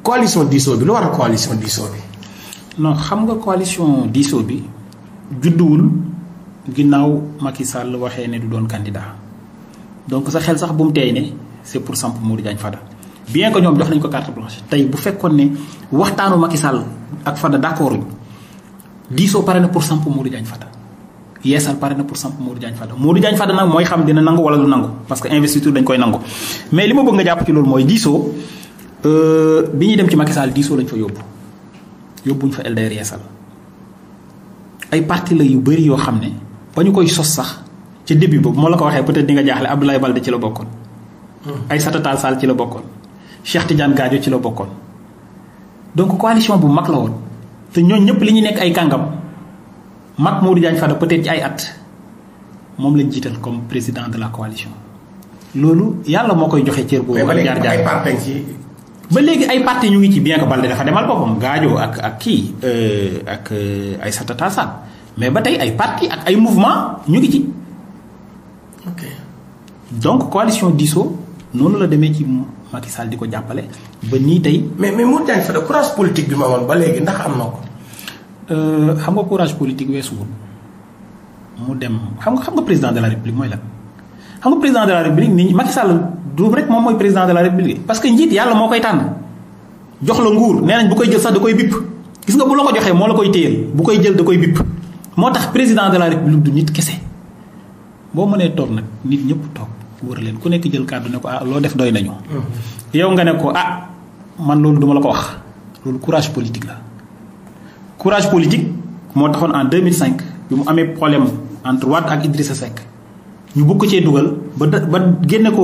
coalition diisoo bi lu war a coalition diisoo bi. non xam nga coalition diisoo bi judduwul ginnaaw Macky Sall waxee ne du doon candidat. donc sa xel sax bu mu teey ne c'est pour samp Modou Diagne Fada bien que ñoom jox nañ ko carte blanche tey bu fekkoon ne waxtaanu Macky Sall ak Fada d'accord uñ diisoo pare na pour samp Modou Diagne Fada yeesal pare na pour samp Modou Diagne Fada Modou Diagne Fada nag mooy xam dina nangu wala du nangu parce que investiture dañ koy nangu mais li ma bëgg nga jàpp ci loolu mooy diisoo euh, bi ñuy dem ci Macky Sall diisoo lañ fa yóbbu yóbbuñ fa LDR yeesal ay parti yu bëri yoo xam ne ba ñu koy sos sax. ci début boobu moo la ko waxee peut-être di nga jaaxle Abdoulaye Balde ci la bokkoon. Hmm. ay Tall Sall ci la bokkoon. Cheikh Tidiane Gadio ci la bokkoon. donc coalition bu mag la woon te ñooñu ñëpp li ñu nekk ay kàngam mag Modou Diagne Fada peut-être ci ay at moom lañ jiital comme président de la coalition. loolu yàlla moo koy joxe cër boobu. ak jaar jaar ba léegi ay parti ñu ngi ci bien que Balde dafa demal boppam Gadio ak ak kii euh, ak euh, ay Tall Sall mais ba tey ay parti ak ay mouvement ñu ok donc coalition disso noonu la demee ci Macky Sall di ko jàppale ba nii tey. mais mais Modou Diagne Fada courage politique bi ma amoon ba léegi ndax am na ko. Euh, xam nga courage politique weesuwul mu dem xam nga xam nga président de la république mooy la xam nga président de la république nii Macky Sall du rek moom mooy président de la république. parce que njiit yàlla moo koy tànn jox la nguur nee nañ bu koy jël sax da koy bipp gis nga bu la ko joxee moo la koy téyeel bu koy jël da koy bipp moo tax président de la république du kese. boo mënee toog nag nit ñëpp toog wër leen ku nekk jël kàddu ne ko ah loo def doy nañu. Mm-hmm. yow nga ne ko ah man loolu duma la ko wax loolu courage politique la. courage politique moo taxoon en 2005 bi mu amee problème entre Wade ak Idrissa Seck ñu bëgg cee dugal ba ba génne ko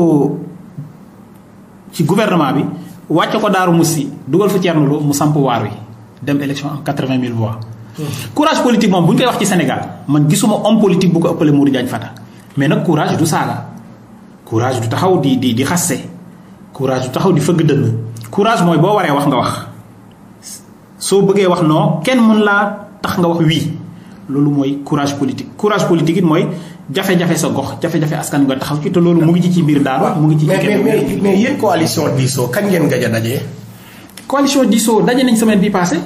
ci gouvernement bi wàcce ko Daaru Musi dugal fa Thierno Lo mu samp waar wi dem élection am 80 000 voix. Mm-hmm. courage moom bu ñu koy wax ci Sénégal man gisuma homme politique bu ko ëppale Modou Diagne Fada. mais nag courage du saaga courage du taxaw di di di xasse courage du taxaw di fëgg dënn courage mooy boo waree wax nga wax soo bëggee wax noo kenn mën laa tax nga wax wii loolu mooy courage politique courage politique it mooy jafe-jafe sa gox jafe-jafe askan nga taxaw ci te loolu mu ngi ci ci mbir daara mu ngi ci ci mais mais mais yéen coalition diisoo kañ ngeen gëj a daje. coalition diisoo daje nañ semaine bi passé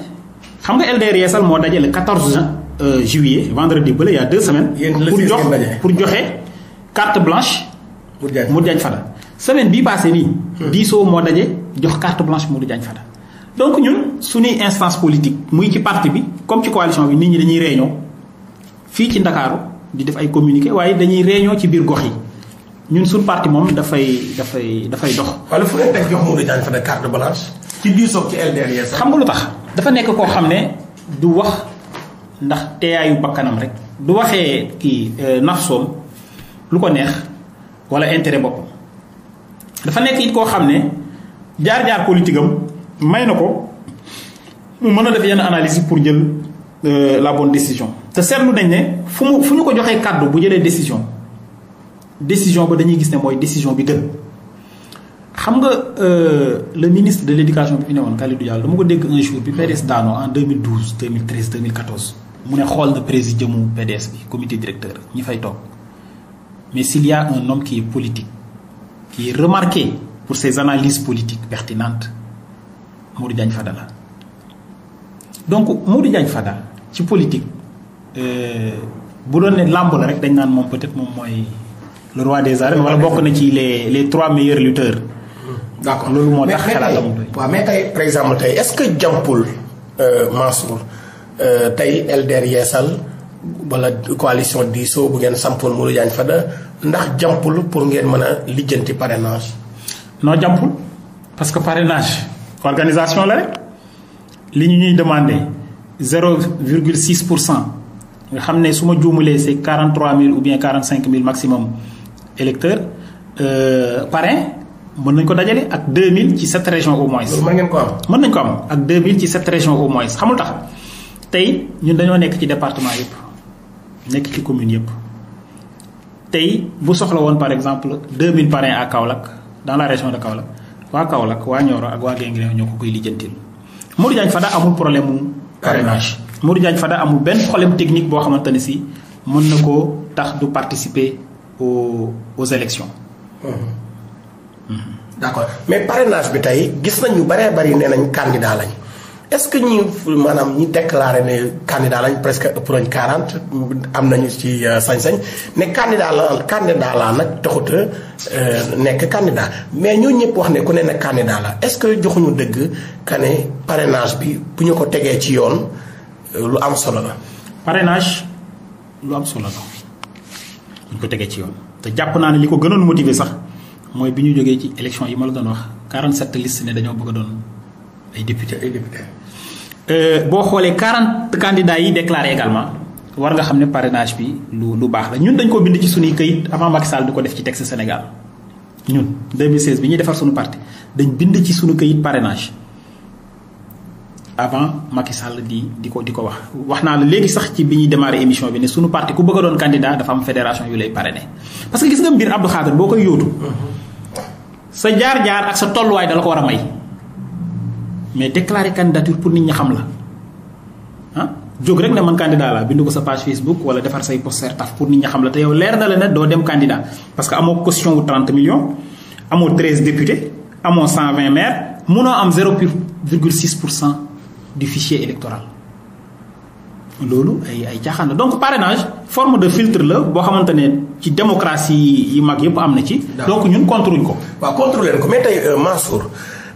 xam nga LDR yeesal moo daje le 14 Euh, juillet vendredi bële il y a deux semaines. pour jox pour joxe carte blanche. Modou Diagne Modou Diagne Fada semaine bii passé nii. Hmm. diisoo moo daje jox carte blanche Modou Diagne Fada. donc ñun suñuy instance politique muy ci parti bi comme ci coalition bi nit ñi dañuy réunion fii ci Ndakaaru di def ay communiqué waaye dañuy réunion ci biir gox yi. ñun suñu parti moom dafay dafay dafay dox. wala fu ngeen teg jox Modou Diagne Fada carte blanche. ci diisoo xam nga lu tax dafa nekk koo xam ne du wax. ndax te teeyaayu bakkanam rek du waxee kii euh, nax sol lu ko neex wala intérêt boppam dafa nekk it koo xam ne jaar-jaar politique am may na ko mu mën a def yenn analyse pour jël euh, la bonne décision te seetlu nañ ne fu mu fu ñu ko joxee kàddu bu jëlee décision décision ba dañuy gis ne mooy décision bi gën xam nga euh, le ministre de l' bi fi newoon Kalidou Diallo dama ko dégg un jour bi PDS daanoo en 2012 2013 2014 mu ne xool na présidiumu PDS bi comité directeur ñi fay toog mais s'il y a un homme qui est politique qui est remarqué pour ses analyses politiques pertinentes Modou Diagne Fada la donc Modou Diagne Fada ci politique euh, bu doon ne làmb la rek dañ naan moom peut-être moom mooy le roi des arènes wala bokk na ci les les trois meilleurs lutteurs. d'accord loolu moo tax xalaat la mu doy. waaw mais tey exemple tey est-ce que jàmpul euh, Mansour. Euh, tey LDR yeesal wala coalition diisoo bu ngeen sampoon Modou Diagne da ndax jàmpul pour ngeen mën a lijjanti parrainage. noo jàmpul parce que parrainage organisation la rek li ñu ñuy demandé zéro virgule six pour cent nga xam ne su ma juumalee c'est quarante trois mille ou bien quarante cinq mille maximum électeurs euh, parrain mën nañu ko dajale ak deux mille ci sept régions au moins. mën ngeen ko am mën nañu ko am ak deux mille ci sept régions au moins xamul tax. tey ñun dañoo nekk ci département yëpp nekk ci commune yëpp tey bu soxla woon par exemple mille parrains à Kaolack dans région de Kaolack waa Kaolack waa Nioro ak waa Guinguinéo ñoo ko koy lijjantil Modou Diagne Fada amul problème mu parrainage Modou Diagne Fada amul benn problème technique boo xamante ne si mën na koo tax du participer aux aux élections d' accord mais parrainage bi tey gis nañ ñu bëree bëri nee nañ candidat lañ est-ce que ñi maanaam ñi déclaré ne candidat lañ presque ëpp nañ 40 am nañu ci euh, sañ-sañ ne candidat la candidat laa nag taxut a euh, nekk candidat mais ñoo ñëpp wax ne ku ne na candidat la est-ce que joxuñu dëgg ka ne parrainage bi bu ñu ko tegee ci yoon euh, lu am solo la. parrainage lu am solo la bu ñu ko tegee ci yoon te jàpp naa ne li ko gënoon motiver sax mooy bi ñu jógee ci élection yi ma la doon wax 47 liste ne dañoo bëgg a doon ay député ay Euh, boo xoolee quarante candidats yi déclaré également war nga xam ne parrainage bi lu lu baax la ñun dañ ko bind ci suñuy këyit avant Macky Sall di ko def ci texte Sénégal ñun 2016 bi ñuy defar suñu parti dañ bind ci suñu këyit parrainage avant Macky Sall di di ko di ko wax. wax naa la léegi sax ci bi ñuy démarrer émission bi ne suñu parti ku bëgg doon candidat dafa am fédération yu lay parrainé parce que gis nga mbir Abdou Khader boo koy yootu mhm. sa jaar jaar ak sa tolluwaay dala ko war a may. mais déclarer candidature pour nit ñi xam la ah jóg rek ne man candidat la bind ko sa page Facebook wala defar say poster taf pour nit ñi xam la te yow leer na la ne doo dem candidat parce que amoo caution wu 30 millions amoo 13 députés amoo 120 maires mënoo am 0,6 pour cent du fichier électoral. loolu ay ay caaxaan la donc parrainage forme de filtre la boo xamante ne ci démocratie yi mag yëpp am na ci. donc ñun contrôle ko. waaw contrôler ko mais tey euh,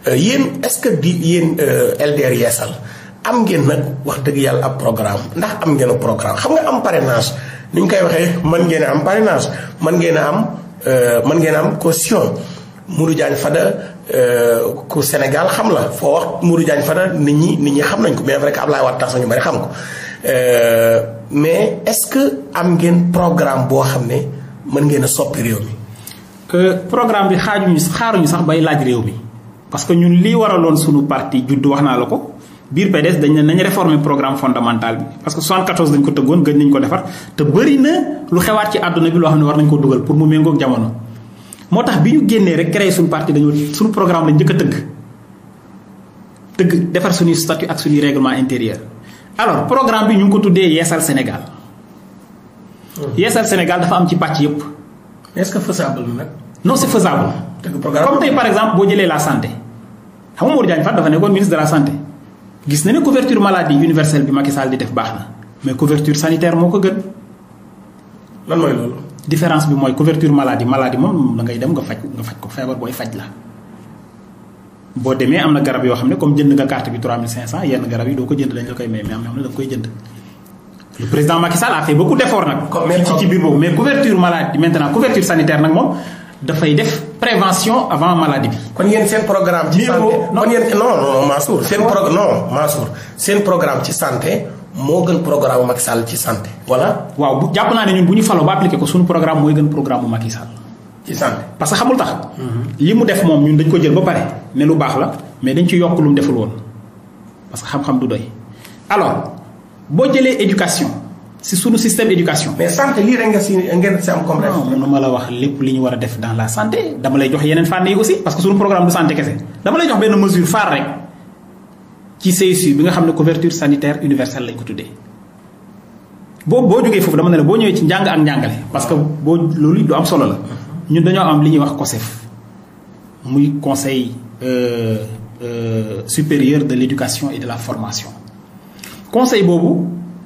Euh, yéen est-ce que di yéen euh, LDR yeesal am ngeen nag wax dëgg yàlla ab programme ndax am ngeen programme xam nga am parrainage ni ñu koy waxee man ngeen a am parrainage man ngeen a am euh, mën ngeen a am caution Modou Diagne Fada ku Sénégal xam la foo wax Modou Diagne Fada nit ñi nit ñi xam nañ ko mais vrai que Ablaye Wade tax sax ñu bari xam ko mais est-ce que am ngeen programme boo xam ne mën ngeen a soppi réew mi. programme bi xaajuñu xaaruñu sax bay laaj réew mi. parce que ñun lii waraloon sunu parti judd wax naa la ko biir PDS dañ ne nañ réformer programme fondamental bi parce que 74 dañ ko tëggoon gëj nañ ko defar te bëri na lu xewaat ci àdduna bi loo xam ne war nañ ko dugal pour mu méngoog jamono. moo tax bi ñu génnee rek créé suñu parti dañoo suñu programme lañ njëkk tëgg tëgg defar suñuy statut ak suñuy règlement intérieur alors programme bi ñu ngi ko tuddee yeesal Sénégal. Hmm. yeesal senegal dafa am ci pàcc yëpp. est-ce que faisable nag. non c'est faisable. comme tey par exemple boo jëlee la santé. xam nga Modou Diagne Fada dafa ministre de la santé gis na ne couverture maladie universelle bi Macky di def baax na mais couverture ko gën. lan mooy loolu. différence bi mooy couverture maladie maladie moom da ngay dem nga faj nga faj ko feebar booy faj la. boo demee am na garab yoo xam ne comme jënd nga carte bi 3500 yenn garab yi doo ko jënd dañ la koy may mais am na da koy jënd. le président Macky a fait beaucoup d'efforts nag. ci ci couverture maladie maintenant couverture sanitaire dafay def prévention avant maladie bi. kon yéen seen programme. ci santé kon yéen non non seen pro non Mansour seen programme ci santé moo gën programme Macky Sall ci santé voilà. waaw bu jàpp naa ne ñun bu ñu falo ba appliqué ko suñu programme mooy gën programme bu Macky ci santé parce que xamul tax. Mm-hmm. li mu def moom ñun dañ ko jël ba pare ne lu baax la mais dañ ci yokk lu mu deful woon parce que xam-xam du doy alors boo jëlee éducation. si sunu système éducation. mais santé lii rek nga si ngeen si am complexe. non mënu ma la wax lépp li ñu war a def dans la santé dama lay jox yeneen fànn yi aussi parce que sunu programme de santé kese dama lay jox benn mesure phare rek ci CSU bi nga xam ne couverture sanitaire universelle lañ ko tuddee. boo boo jógee foofu dama ne la boo ñëwee ci njàng ak njàngale parce que boo loolu du am solo la ñun dañoo am li ñuy wax COSEF muy conseil euh, euh, supérieur de l'éducation et de la formation conseil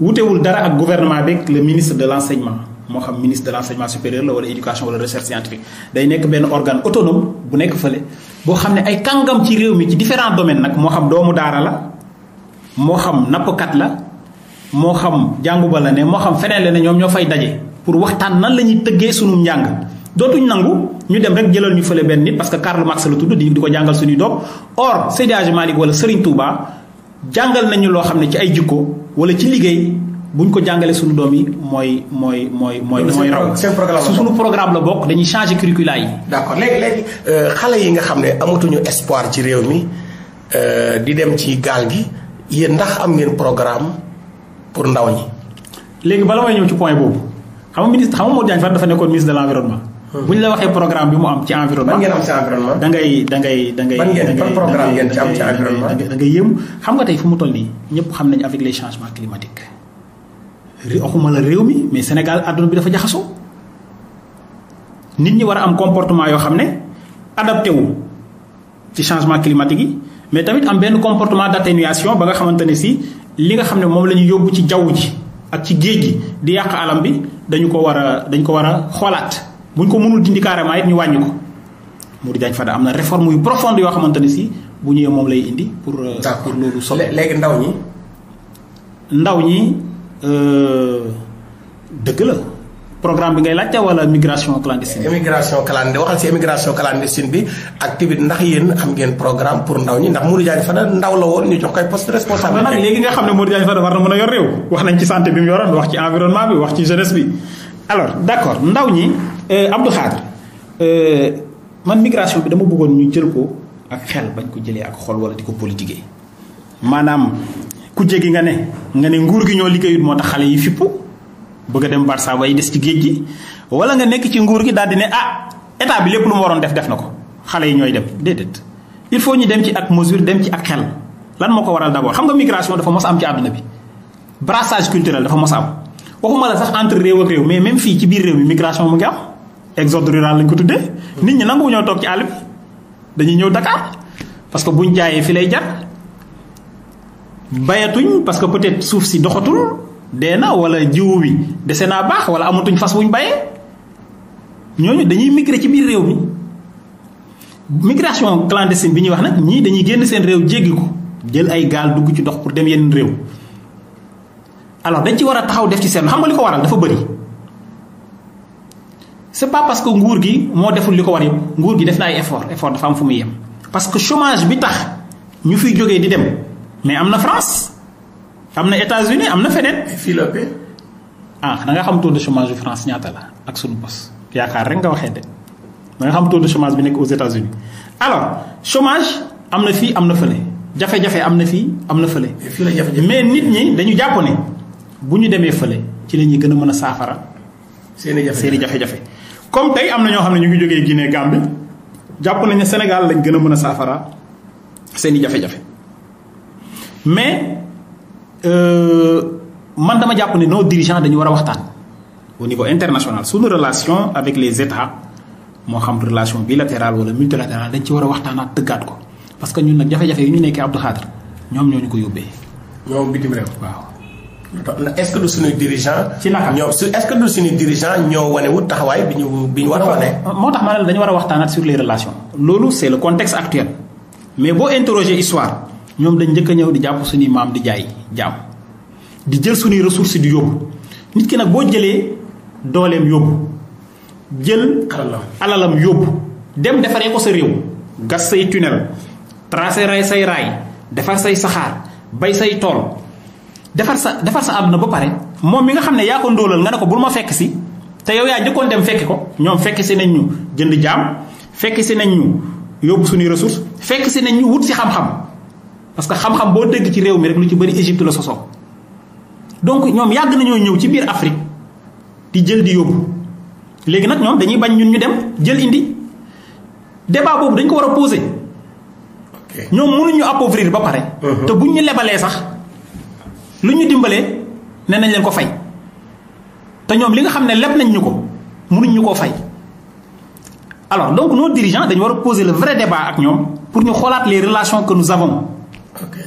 wutewul dara ak gouvernement beeg le ministre de l' enseignement moo xam ministre de l' enseignement supérieur la a éducation wala recherche scientifique day nekk benn organe autonome bu nekk fële boo xam ne ay kàngam ci réew mi ci différents domaines nag moo xam doomu daara la moo xam nappkat la moo xam jànguba la ne moo xam feneen la ne ñoom ñoo fay daje pour waxtaan nan la ñuy tëggee sunu njàng dootuñ nangu ñu dem rek jëlal ñu fële benn nit parce que Karl Marx la tudd di di ko jàngal suñuy doom or Seydi Hadji wala Serigne jàngal nañu loo xam ne ci ay jikko wala ci liggéey buñ ko jàngalee suñu doom yi mooy mooy mooy mooy mooy raw su suñu programme la bokk dañuy changer curricula yi d'accord léegi léegi euh, xale yi nga xam ne amatuñu espoir ci réew mi euh, di dem ci gaal gi yéen ndax am ngeen programme pour ndaw ñi léegi bala may ñëw ci point boobu xam nga ministre xam nga Modou Diagne Fada dafa nekkoon ministre de l'environnement bu ñu la waxee programme bi mu am ci environnement. ban ngeen am da ngay da ngay da ngay. ban ngeen ban programme ngeen ci am ci environnement da yéemu xam nga tey fu mu toll nii ñëpp xam nañu avec les changements climatiques. ri la réew mi mais Sénégal àdduna bi dafa jaxasoo ñi war a am comportement yoo xam ne adapté wu ci changement climatique yi mais tamit am benn comportement d'atténuation ba nga xamante ne si li nga xam ne moom la ñu yóbbu ci jaww ji ak ci géej gi di yàq alam bi dañu ko war a dañu ko war a xoolaat. buñ ko mënul dindi carrément it ñu wàññi ko Modou Diagne Fada am na réforme yu profonde yoo xamante ne si bu ñëwee moom lay indi. pour euh, pour loolu solo léegi ndaw ñi. ndaw ñi euh, la programme wala migration clandestine. immigration clandestine waxal ci immigration clandestine bi ak tamit ndax yéen am ngeen programme pour ndaw ñi ndax Modou Diagne Fada ndaw la woon ñu jox koy poste responsable. nga nag léegi nga xam ne Modou Diagne Fada war na mën a yor réew. wax nañ ci santé bi mu yoroon wax ci environnement bi wax ci jeunesse bi alors d'accord ndaw ñi. Euh, Abdou Khadre euh, man migration bi dama bëggoon ñu jël ko ak xel bañ ko jëlee ak xol wala di ko politiquer maanaam ku gi nga ne nga ne nguur gi ñoo liggéeyut moo tax xale yi fippu bëgg a dem Barça way des ci géej gi wala nga nekk ci nguur gi daal di ne ah état bi lépp lu mu waroon def def na ko xale yi ñooy dem déedéet il faut ñu dem ci ak mesure dem ci ak xel lan moo ko waral d'abord xam nga migration dafa mos am ci àdduna bi brassage culturel dafa mos am waxuma la sax entre réew ak réew mais même fii ci biir réew mi migration mu ngi am. exode rural lañ ko tuddee. nit ñi nangu ñoo toog ci àll bi dañuy ñëw Dakar parce que buñ jaayee fi lay jar bayatuñ parce que peut-être suuf si doxatul dee na wala jiwu wi dese naa baax wala amatuñ fas wuñ bayee ñooñu dañuy migrer ci biir réew mi migration clandestine bi ñuy wax nag ñii dañuy génn seen réew jéggi ko jël ay gaal dugg ci dox pour dem yeneen réew alors dañ ci war a taxaw def ci seen xam nga li ko waral dafa bëri. c'est pas parce que nguur gi moo deful li ko war yëpp nguur gi def na ay effort effort dafa am fu muy yem parce que chômage bi tax ñu fiy jógee di dem mais am na France am na États-Unis am na feneen. fii la ah da nga xam taux de chômage France ñaata la ak sunu bos yaakaar rek nga waxee de da xam taux de chômage bi nekk aux États-Unis alors chomage am na fii am na fële jafe-jafe am na fii am na fële. fii la jafe-jafe mais nit ñi dañu jàpp ne bu ñu demee fële ci la ñuy gën a mën a saafara. seen i jafe-jafe seen jafe-jafe. comme tey am na ñoo xam ne ñu ngi jógee Guinée Gambie jàpp nañu senegal lañ gën a mën a saafara seeni i jafe-jafe mais euh, man dama jàpp ni nos dirigeants dañu war a waxtaan au niveau international suñu relation avec les états moo xam relation bilatérale wala multilatérale dañ ci war a waxtaanaat tëggaat ko parce que ñun nag jafe-jafe yi ñu nekkee Abdou Khadre ñoom ñoo ñu ko yóbbee. ñoom waaw. est ce que du suñu dirigeant. ci naka ñoo est ce que du suñu dirigeant ñoo wane taxawaay bi ñu bi ñu war a moo tax maanaam dañu war a waxtaanaat sur loolu c' est le contexte actuel mais boo interroger histoire ñoom dañ njëkk a ñëw di jàpp suñuy maam di jaay jaam di jël suñuy ressources di yóbbu nit ki nag boo jëlee dooleem yóbbu jël. alalam alalam yóbbu dem defaree ko sa réew. gas say tunnel tracer say raay defar say saxaar bay say tool. defar sa defar sa àdduna ba pare moom mi nga xam ne yaa ko ndóolal nga ne ko bul ma fekk si te yow yaa jëkkoon dem fekki ko ñoom fekk si nañ ñu jënd jaam fekk si nañ ñu yóbbu suñuy ressource fekk si nañ ñu wut si xam-xam parce que xam-xam boo dégg ci réew mi rek lu ci bari Égypte la sosoo donc ñoom yàgg nañoo ñëw ci biir Afrique di jël di yóbbu léegi nag ñoom dañuy bañ ñun ñu dem jël indi débat boobu dañ ko war a poser ñoom mënuñu ñu appauvrir ba pare mm-hmm. te bu ñu lebalee sax lu ñu dimbalee ne nañ leen ko fay te ñoom li nga xam ne lépp nañ ñu ko mënuñ ñu koo fay alors donc noo dirigeants dañu war a poser le vrai débat ak ñoom pour ñu xoolaat les relation que nu avons. ok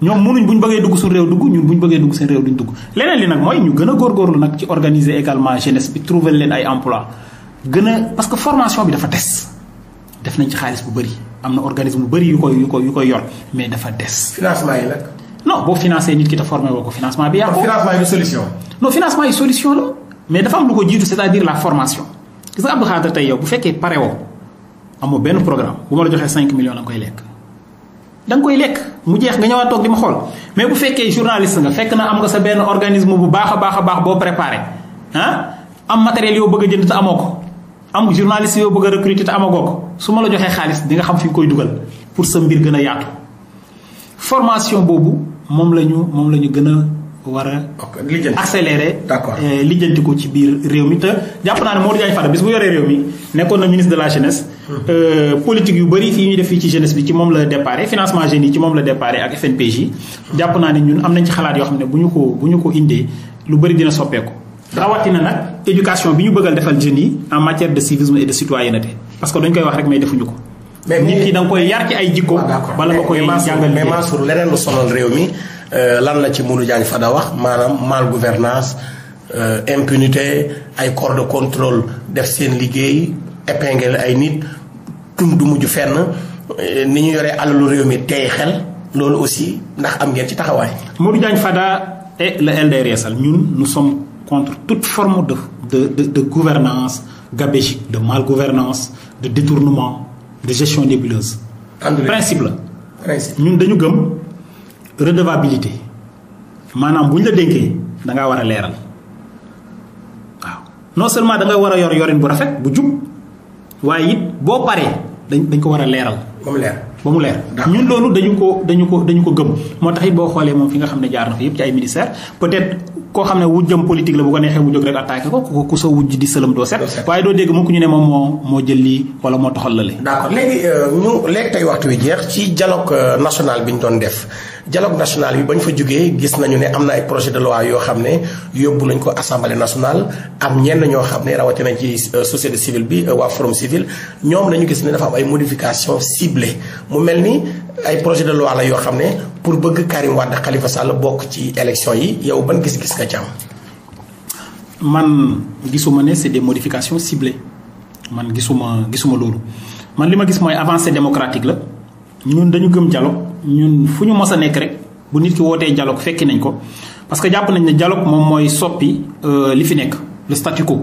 ñoom mënuñ bu ñu bëggee dugg suñu réew dugg ñun bu ñu bëggee dugg seen réew duñ dugg leneen li nag mooy ñu gën a góorgóorlu nag ci organiser également jeunesse bi trouver leen ay emploi gën a parce que formation bi dafa des def nañ ci xaalis bu bëri am na organisme bu bëri yu koy yu koy yu mais dafa des. financement yi non boo financé nit ki te formé woo ko financement bi. yaa ko financement yi solution. non financement yi solution la mais dafa am lu ko jiitu c'est-à-dire la formation gis nga Abdou Khadre yow bu fekkee pare woo benn programme bu ma la joxee 5 millions da koy lekk. da koy lekk mu jeex nga ñëwaat toog di ma xool mais bu fekkee journaliste nga fekk na am nga sa benn organisme bu baax a baax a baax boo préparé ah am matériel yoo bëgg a jënd te amoo ko am journaliste yoo bëgg a recruter te amagoo ko su ma la joxee xaalis di nga xam fi koy dugal pour sa mbir gën a yaatu formation boobu. moom la ñu moom la ñu gën a war a accéléré euh, lijjanti ko ci biir réew mi te jàpp naa ne Modou Diagne Fada bis bu yoree réew mi nekkoon na ministre de la jeunesse hmm. euh, politique yu bëri fii ñu def fii ci jeunesse bi ci moom la déparé financement jeunes yi ci moom la déparé ak FNPJ jàpp naa ne ñun am nañ ci xalaat yoo xam ne bu ñu ko bu ñu ko indee lu bëri dina soppeeku na nag éducation bi ñu bëggal defal jeunes yi en matière de civisme et de citoyenneté parce defuñu ko mais nit ki da koy yar ci ay jikko. bala nga koy jàngal mais Mansour leneen lu sonal réew mi euh, lan la ci Modou Diagne Fada wax maanaam mal gouvernance euh, impunité ay corps de contrôle def seen liggéey épingle ay nit tum du mujj fenn euh, ni ñu yoree alalu réew mi tey xel loolu aussi ndax am ngeen ci taxawaay. Modou Diagne Fada et la LDR Yeesal ñun nous sommes contre tout forme de de de de gouvernance gabégique de mal gouvernance de détournement de gestion nébuleuse. principe la. principe ñun dañu gëm redevabilité maanaam bu ñu la dénkee dangaa war a leeral waaw non seulement da nga war a yor yorin bu rafet bu jub waaye it boo paree dañ dañ ko war a leeral. ba mu leer ñun loolu dañu ko dañu ko dañu ko gëm moo tax it boo xoolee moom fi nga xam ne jaar na fi yëpp ci ay ministère peut-être koo xam ne wujjam politique la bu ko neexee mu jóg rek attaqué ko ku ku sa wujj di sëlam doo set waaye doo dégg mukk ñu ne moom moo moo jël lii wala moo toxal la le léegi euh, ñu léegi tey waxtu wi jeex ci dialogue euh, national bi ñu doon def dialogue national bi ba ñu fa jógee gis nañu ne am na ay projet de loi yoo xam ne yóbbu nañ ko assemblée nationale am ñenn ñoo xam ne rawatina ci euh, société civile bi euh, waa forum civil ñoom dañu gis ne dafa am ay modification ciblée mu mel ni ay projet de loi la yoo xam ne pour bëgg Karim Wade Khalifa Sall bokk ci élection yi yow ban gis-gis nga ci man gisuma ne c'est des modification cible man gisuma gisuma loolu man li ma gis mooy avancée démocratique la ñun dañu gëm dialogue ñun fu ñu mos a nekk rek bu nit ki wootee dialogue fekki nañ ko parce que jàpp nañ ne dialogue moom mooy soppi euh, li fi nekk le statu quo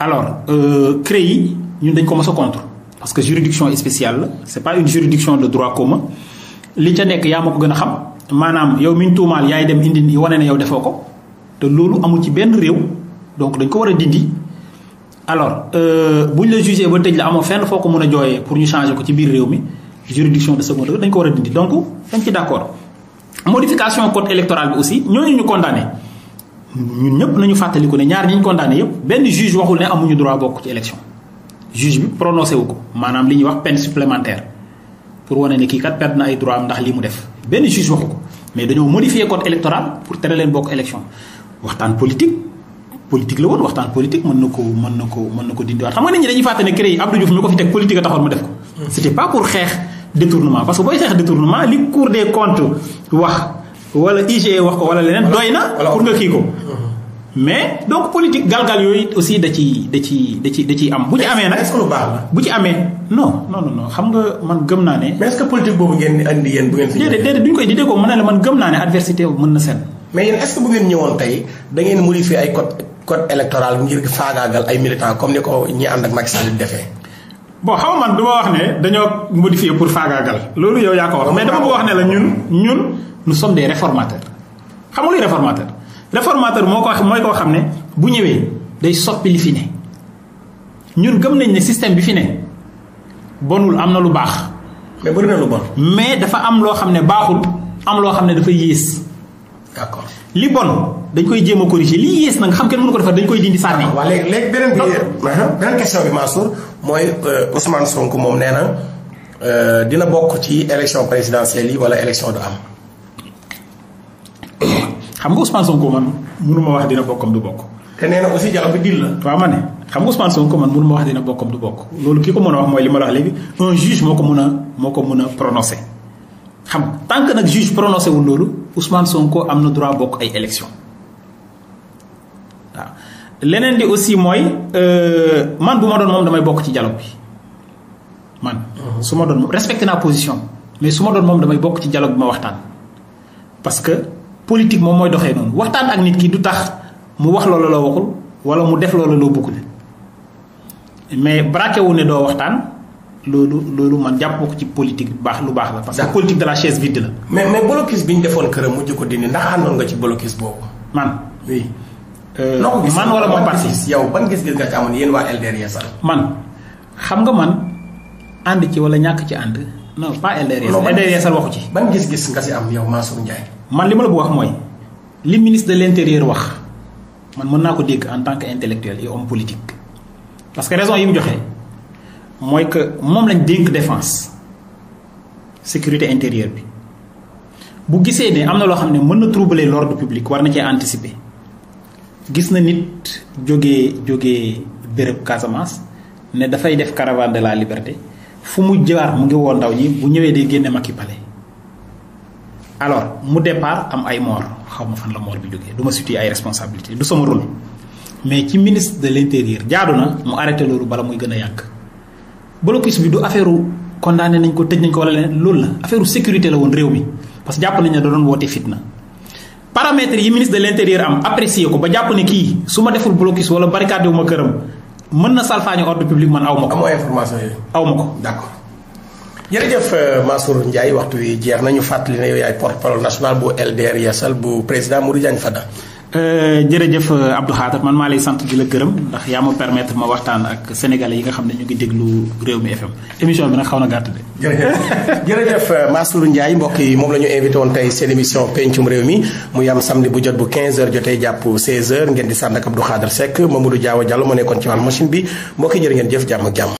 alors euh, CREI yi ñun dañ ko mos a contre parce que juridiction spéciale la c'est pas une juridiction de droit commun li ca nekk yaa ma ko gën a xam maanaam yow miñ tuumaal yaay dem indi wane na yow defoo ko te loolu amul ci benn réew donc dañ ko war a dindi alors euh, bu ñu la jugé ba tëj la amoo fenn foo ko mën a jooyee pour ñu changer ko ci biir réew mi juridiction de second degré dañ ko war a dindi donc dañ ci d' accord modification code électoral bi aussi ñooñu ñu condamné ñun ñëpp nañu fàttaliku ne ñaar ñi ñu condamné yëpp benn juge waxul ne amuñu droit bokk ci élection juge bi prononcé ko maanaam li ñuy wax peine supplémentaire pour wane ne kii kat perd na ay droit am ndax lii mu def benn juge waxu ko mais dañoo modifier code électoral pour tere leen bokk élection waxtaan politique politique la woon waxtaan politique mën na ko mën na ko mën na ko dindiwaat xam nga nit ñi dañuy fàtte ne créé Abdou Diouf ñu ko fi détournement parce que booy xeex détournement li cour des comptes wax wala IGE wax ko wala leneen doy na pour nga kii ko mais donc politique galgal yooyu da ci da ci da ci da ciy am bu ci amee nag est bu ci amee non non non xam nga man gëm naa ne mais est-ce boobu ngeen andi yéen déedéet déedéet duñ koy di dee ko mën na la man gëm naa ne adversité mën na seen mais yéen est-ce que bu ngeen ñëwoon tey da ngeen modifier ay code code ngir faagaagal ay militants comme ni ko ñi ànd ak Macky Sall defee bon xaw man du wax ne dañoo modifier pour faagaagal loolu yow yaa ko wax mais dama ko wax ne la ñun ñun nous sommes des réformateurs xam nga luy réformateur réformateur moo ko mooy koo xam ne bu ñëwee day soppi li fi ne ñun gëm nañ ne système bi fi ne bonul am na lu baax. mais bëri lu bon. mais dafa am loo xam ne baaxul am loo xam ne dafa yées d'accord li bon dañ koy jéem a corriger li yées nag xam kenn mënu ko defar dañ koy dindi sànni. waaw léegi léegi beneen bi beneen question bi Mansour mooy euh, Ousmane Sonko moom nee na euh, dina bokk ci élection présidentielle yi wala élection du am. xam nga Ousmane Sonko man mënuma wax dina bokk. te nee na aussi jàll bi dil la. waaw ma ne xam nga Ousmane wax dina bokkam du bokk loolu ki ko mën a wax mooy li ma la wax léegi un juge moo ko mën a moo ko mën a prononcé. xam nga tant que nag juge prononcé wul loolu Ousmane koo am na droit bokk ay élection waaw leneen di aussi mooy euh, man bu ma doon moom damay bokk ci dialogue bi man. Mhm. su ma doon moom naa position mais su ma doon moom damay bokk ci dialogue bi ma waxtaan. parce que politique moom mooy doxee noonu waxtaan ak nit ki du tax mu wax loola la waxul wala mu def loola loo bëggul mais braqué wu ne doo waxtaan. loolu loolu man jàpp ko ci politique baax lu baax la. parce que politique de la chaise vide la. mais mais blocus bi ñu defoon këram mujj ko dindi ndax àndoon nga ci blocus boobu. man oui. Euh, noo ko man wala ma parti yow ban gis-gis nga ci amoon yéen waa LDR sax. man xam nga man ànd ci wala ñàkk ci ànd. non pas LDR. non LDR yeesal waxu ci. ban gis-gis nga si am yow Mansour Ndiaye. man li ma la bu wax mooy li ministre de l' intérieur wax man mën naa ko dégg en tant que intellectuel et homme politique parce que raison yi mu joxee mooy que moom lañ dénk défense sécurité intérieure bi bu gisee ne am na loo xam ne mën na troubler l'ordre public war na cee anticiper gis na nit jógee jóge béréb Casamance ne dafay def caravane de la liberté fu mu jaar mu ngi woo ndaw ñi bu ñëwee day génne Macky Palais alors mu départ am ay mort xaw ma fan la mort bi jógee du ma situer ay responsabilité du sama rôle mais ci ministre de l'intérieur jaadu na mu arrêté loolu bala muy gën a yàgg. blocus bi du affaire condamné nañ ko tëj nañ ko wala leneen loolu la affaire sécurité la woon réew mi parce que jàpp nañ ne da doon woote fitna. paramètres yi ministre de l'intérieur am apprécié ko ba jàpp ne kii su ma deful blocus wala barricade wu ma këram mën na salfaañu ordre public man aw ma ko. amoo information yooyu. aw ma ko d'accord. jërëjëf euh, Mansour Ndiaye waxtu yi jeex nañu fàttali ne yow yaay porte-parole national bu LDR sal bu président Modou Diagne Fada. Euh, jërëjëf euh, Abdou Khader man maa lay sant di la gërëm ndax yaa ma permettre ma waxtaan ak sénégal yi nga xam ne ñu ngi déglu réew mi FM émission bi nag xaw na gàtt de. jërëjëf jërëjëf euh, Massour Ndiaye mbokk yi moom la ñu invité woon tey seen émission pencum réew mi mu yam samedi bu jot bu 15h jotee jàpp 16h ngeen di sànd ak Abdou Khader Seck Mamadou Diaw Diallo moo nekkoon ci wàllu machine bi mbokk yi jërë ngeen jëf jàmm ak jàmm.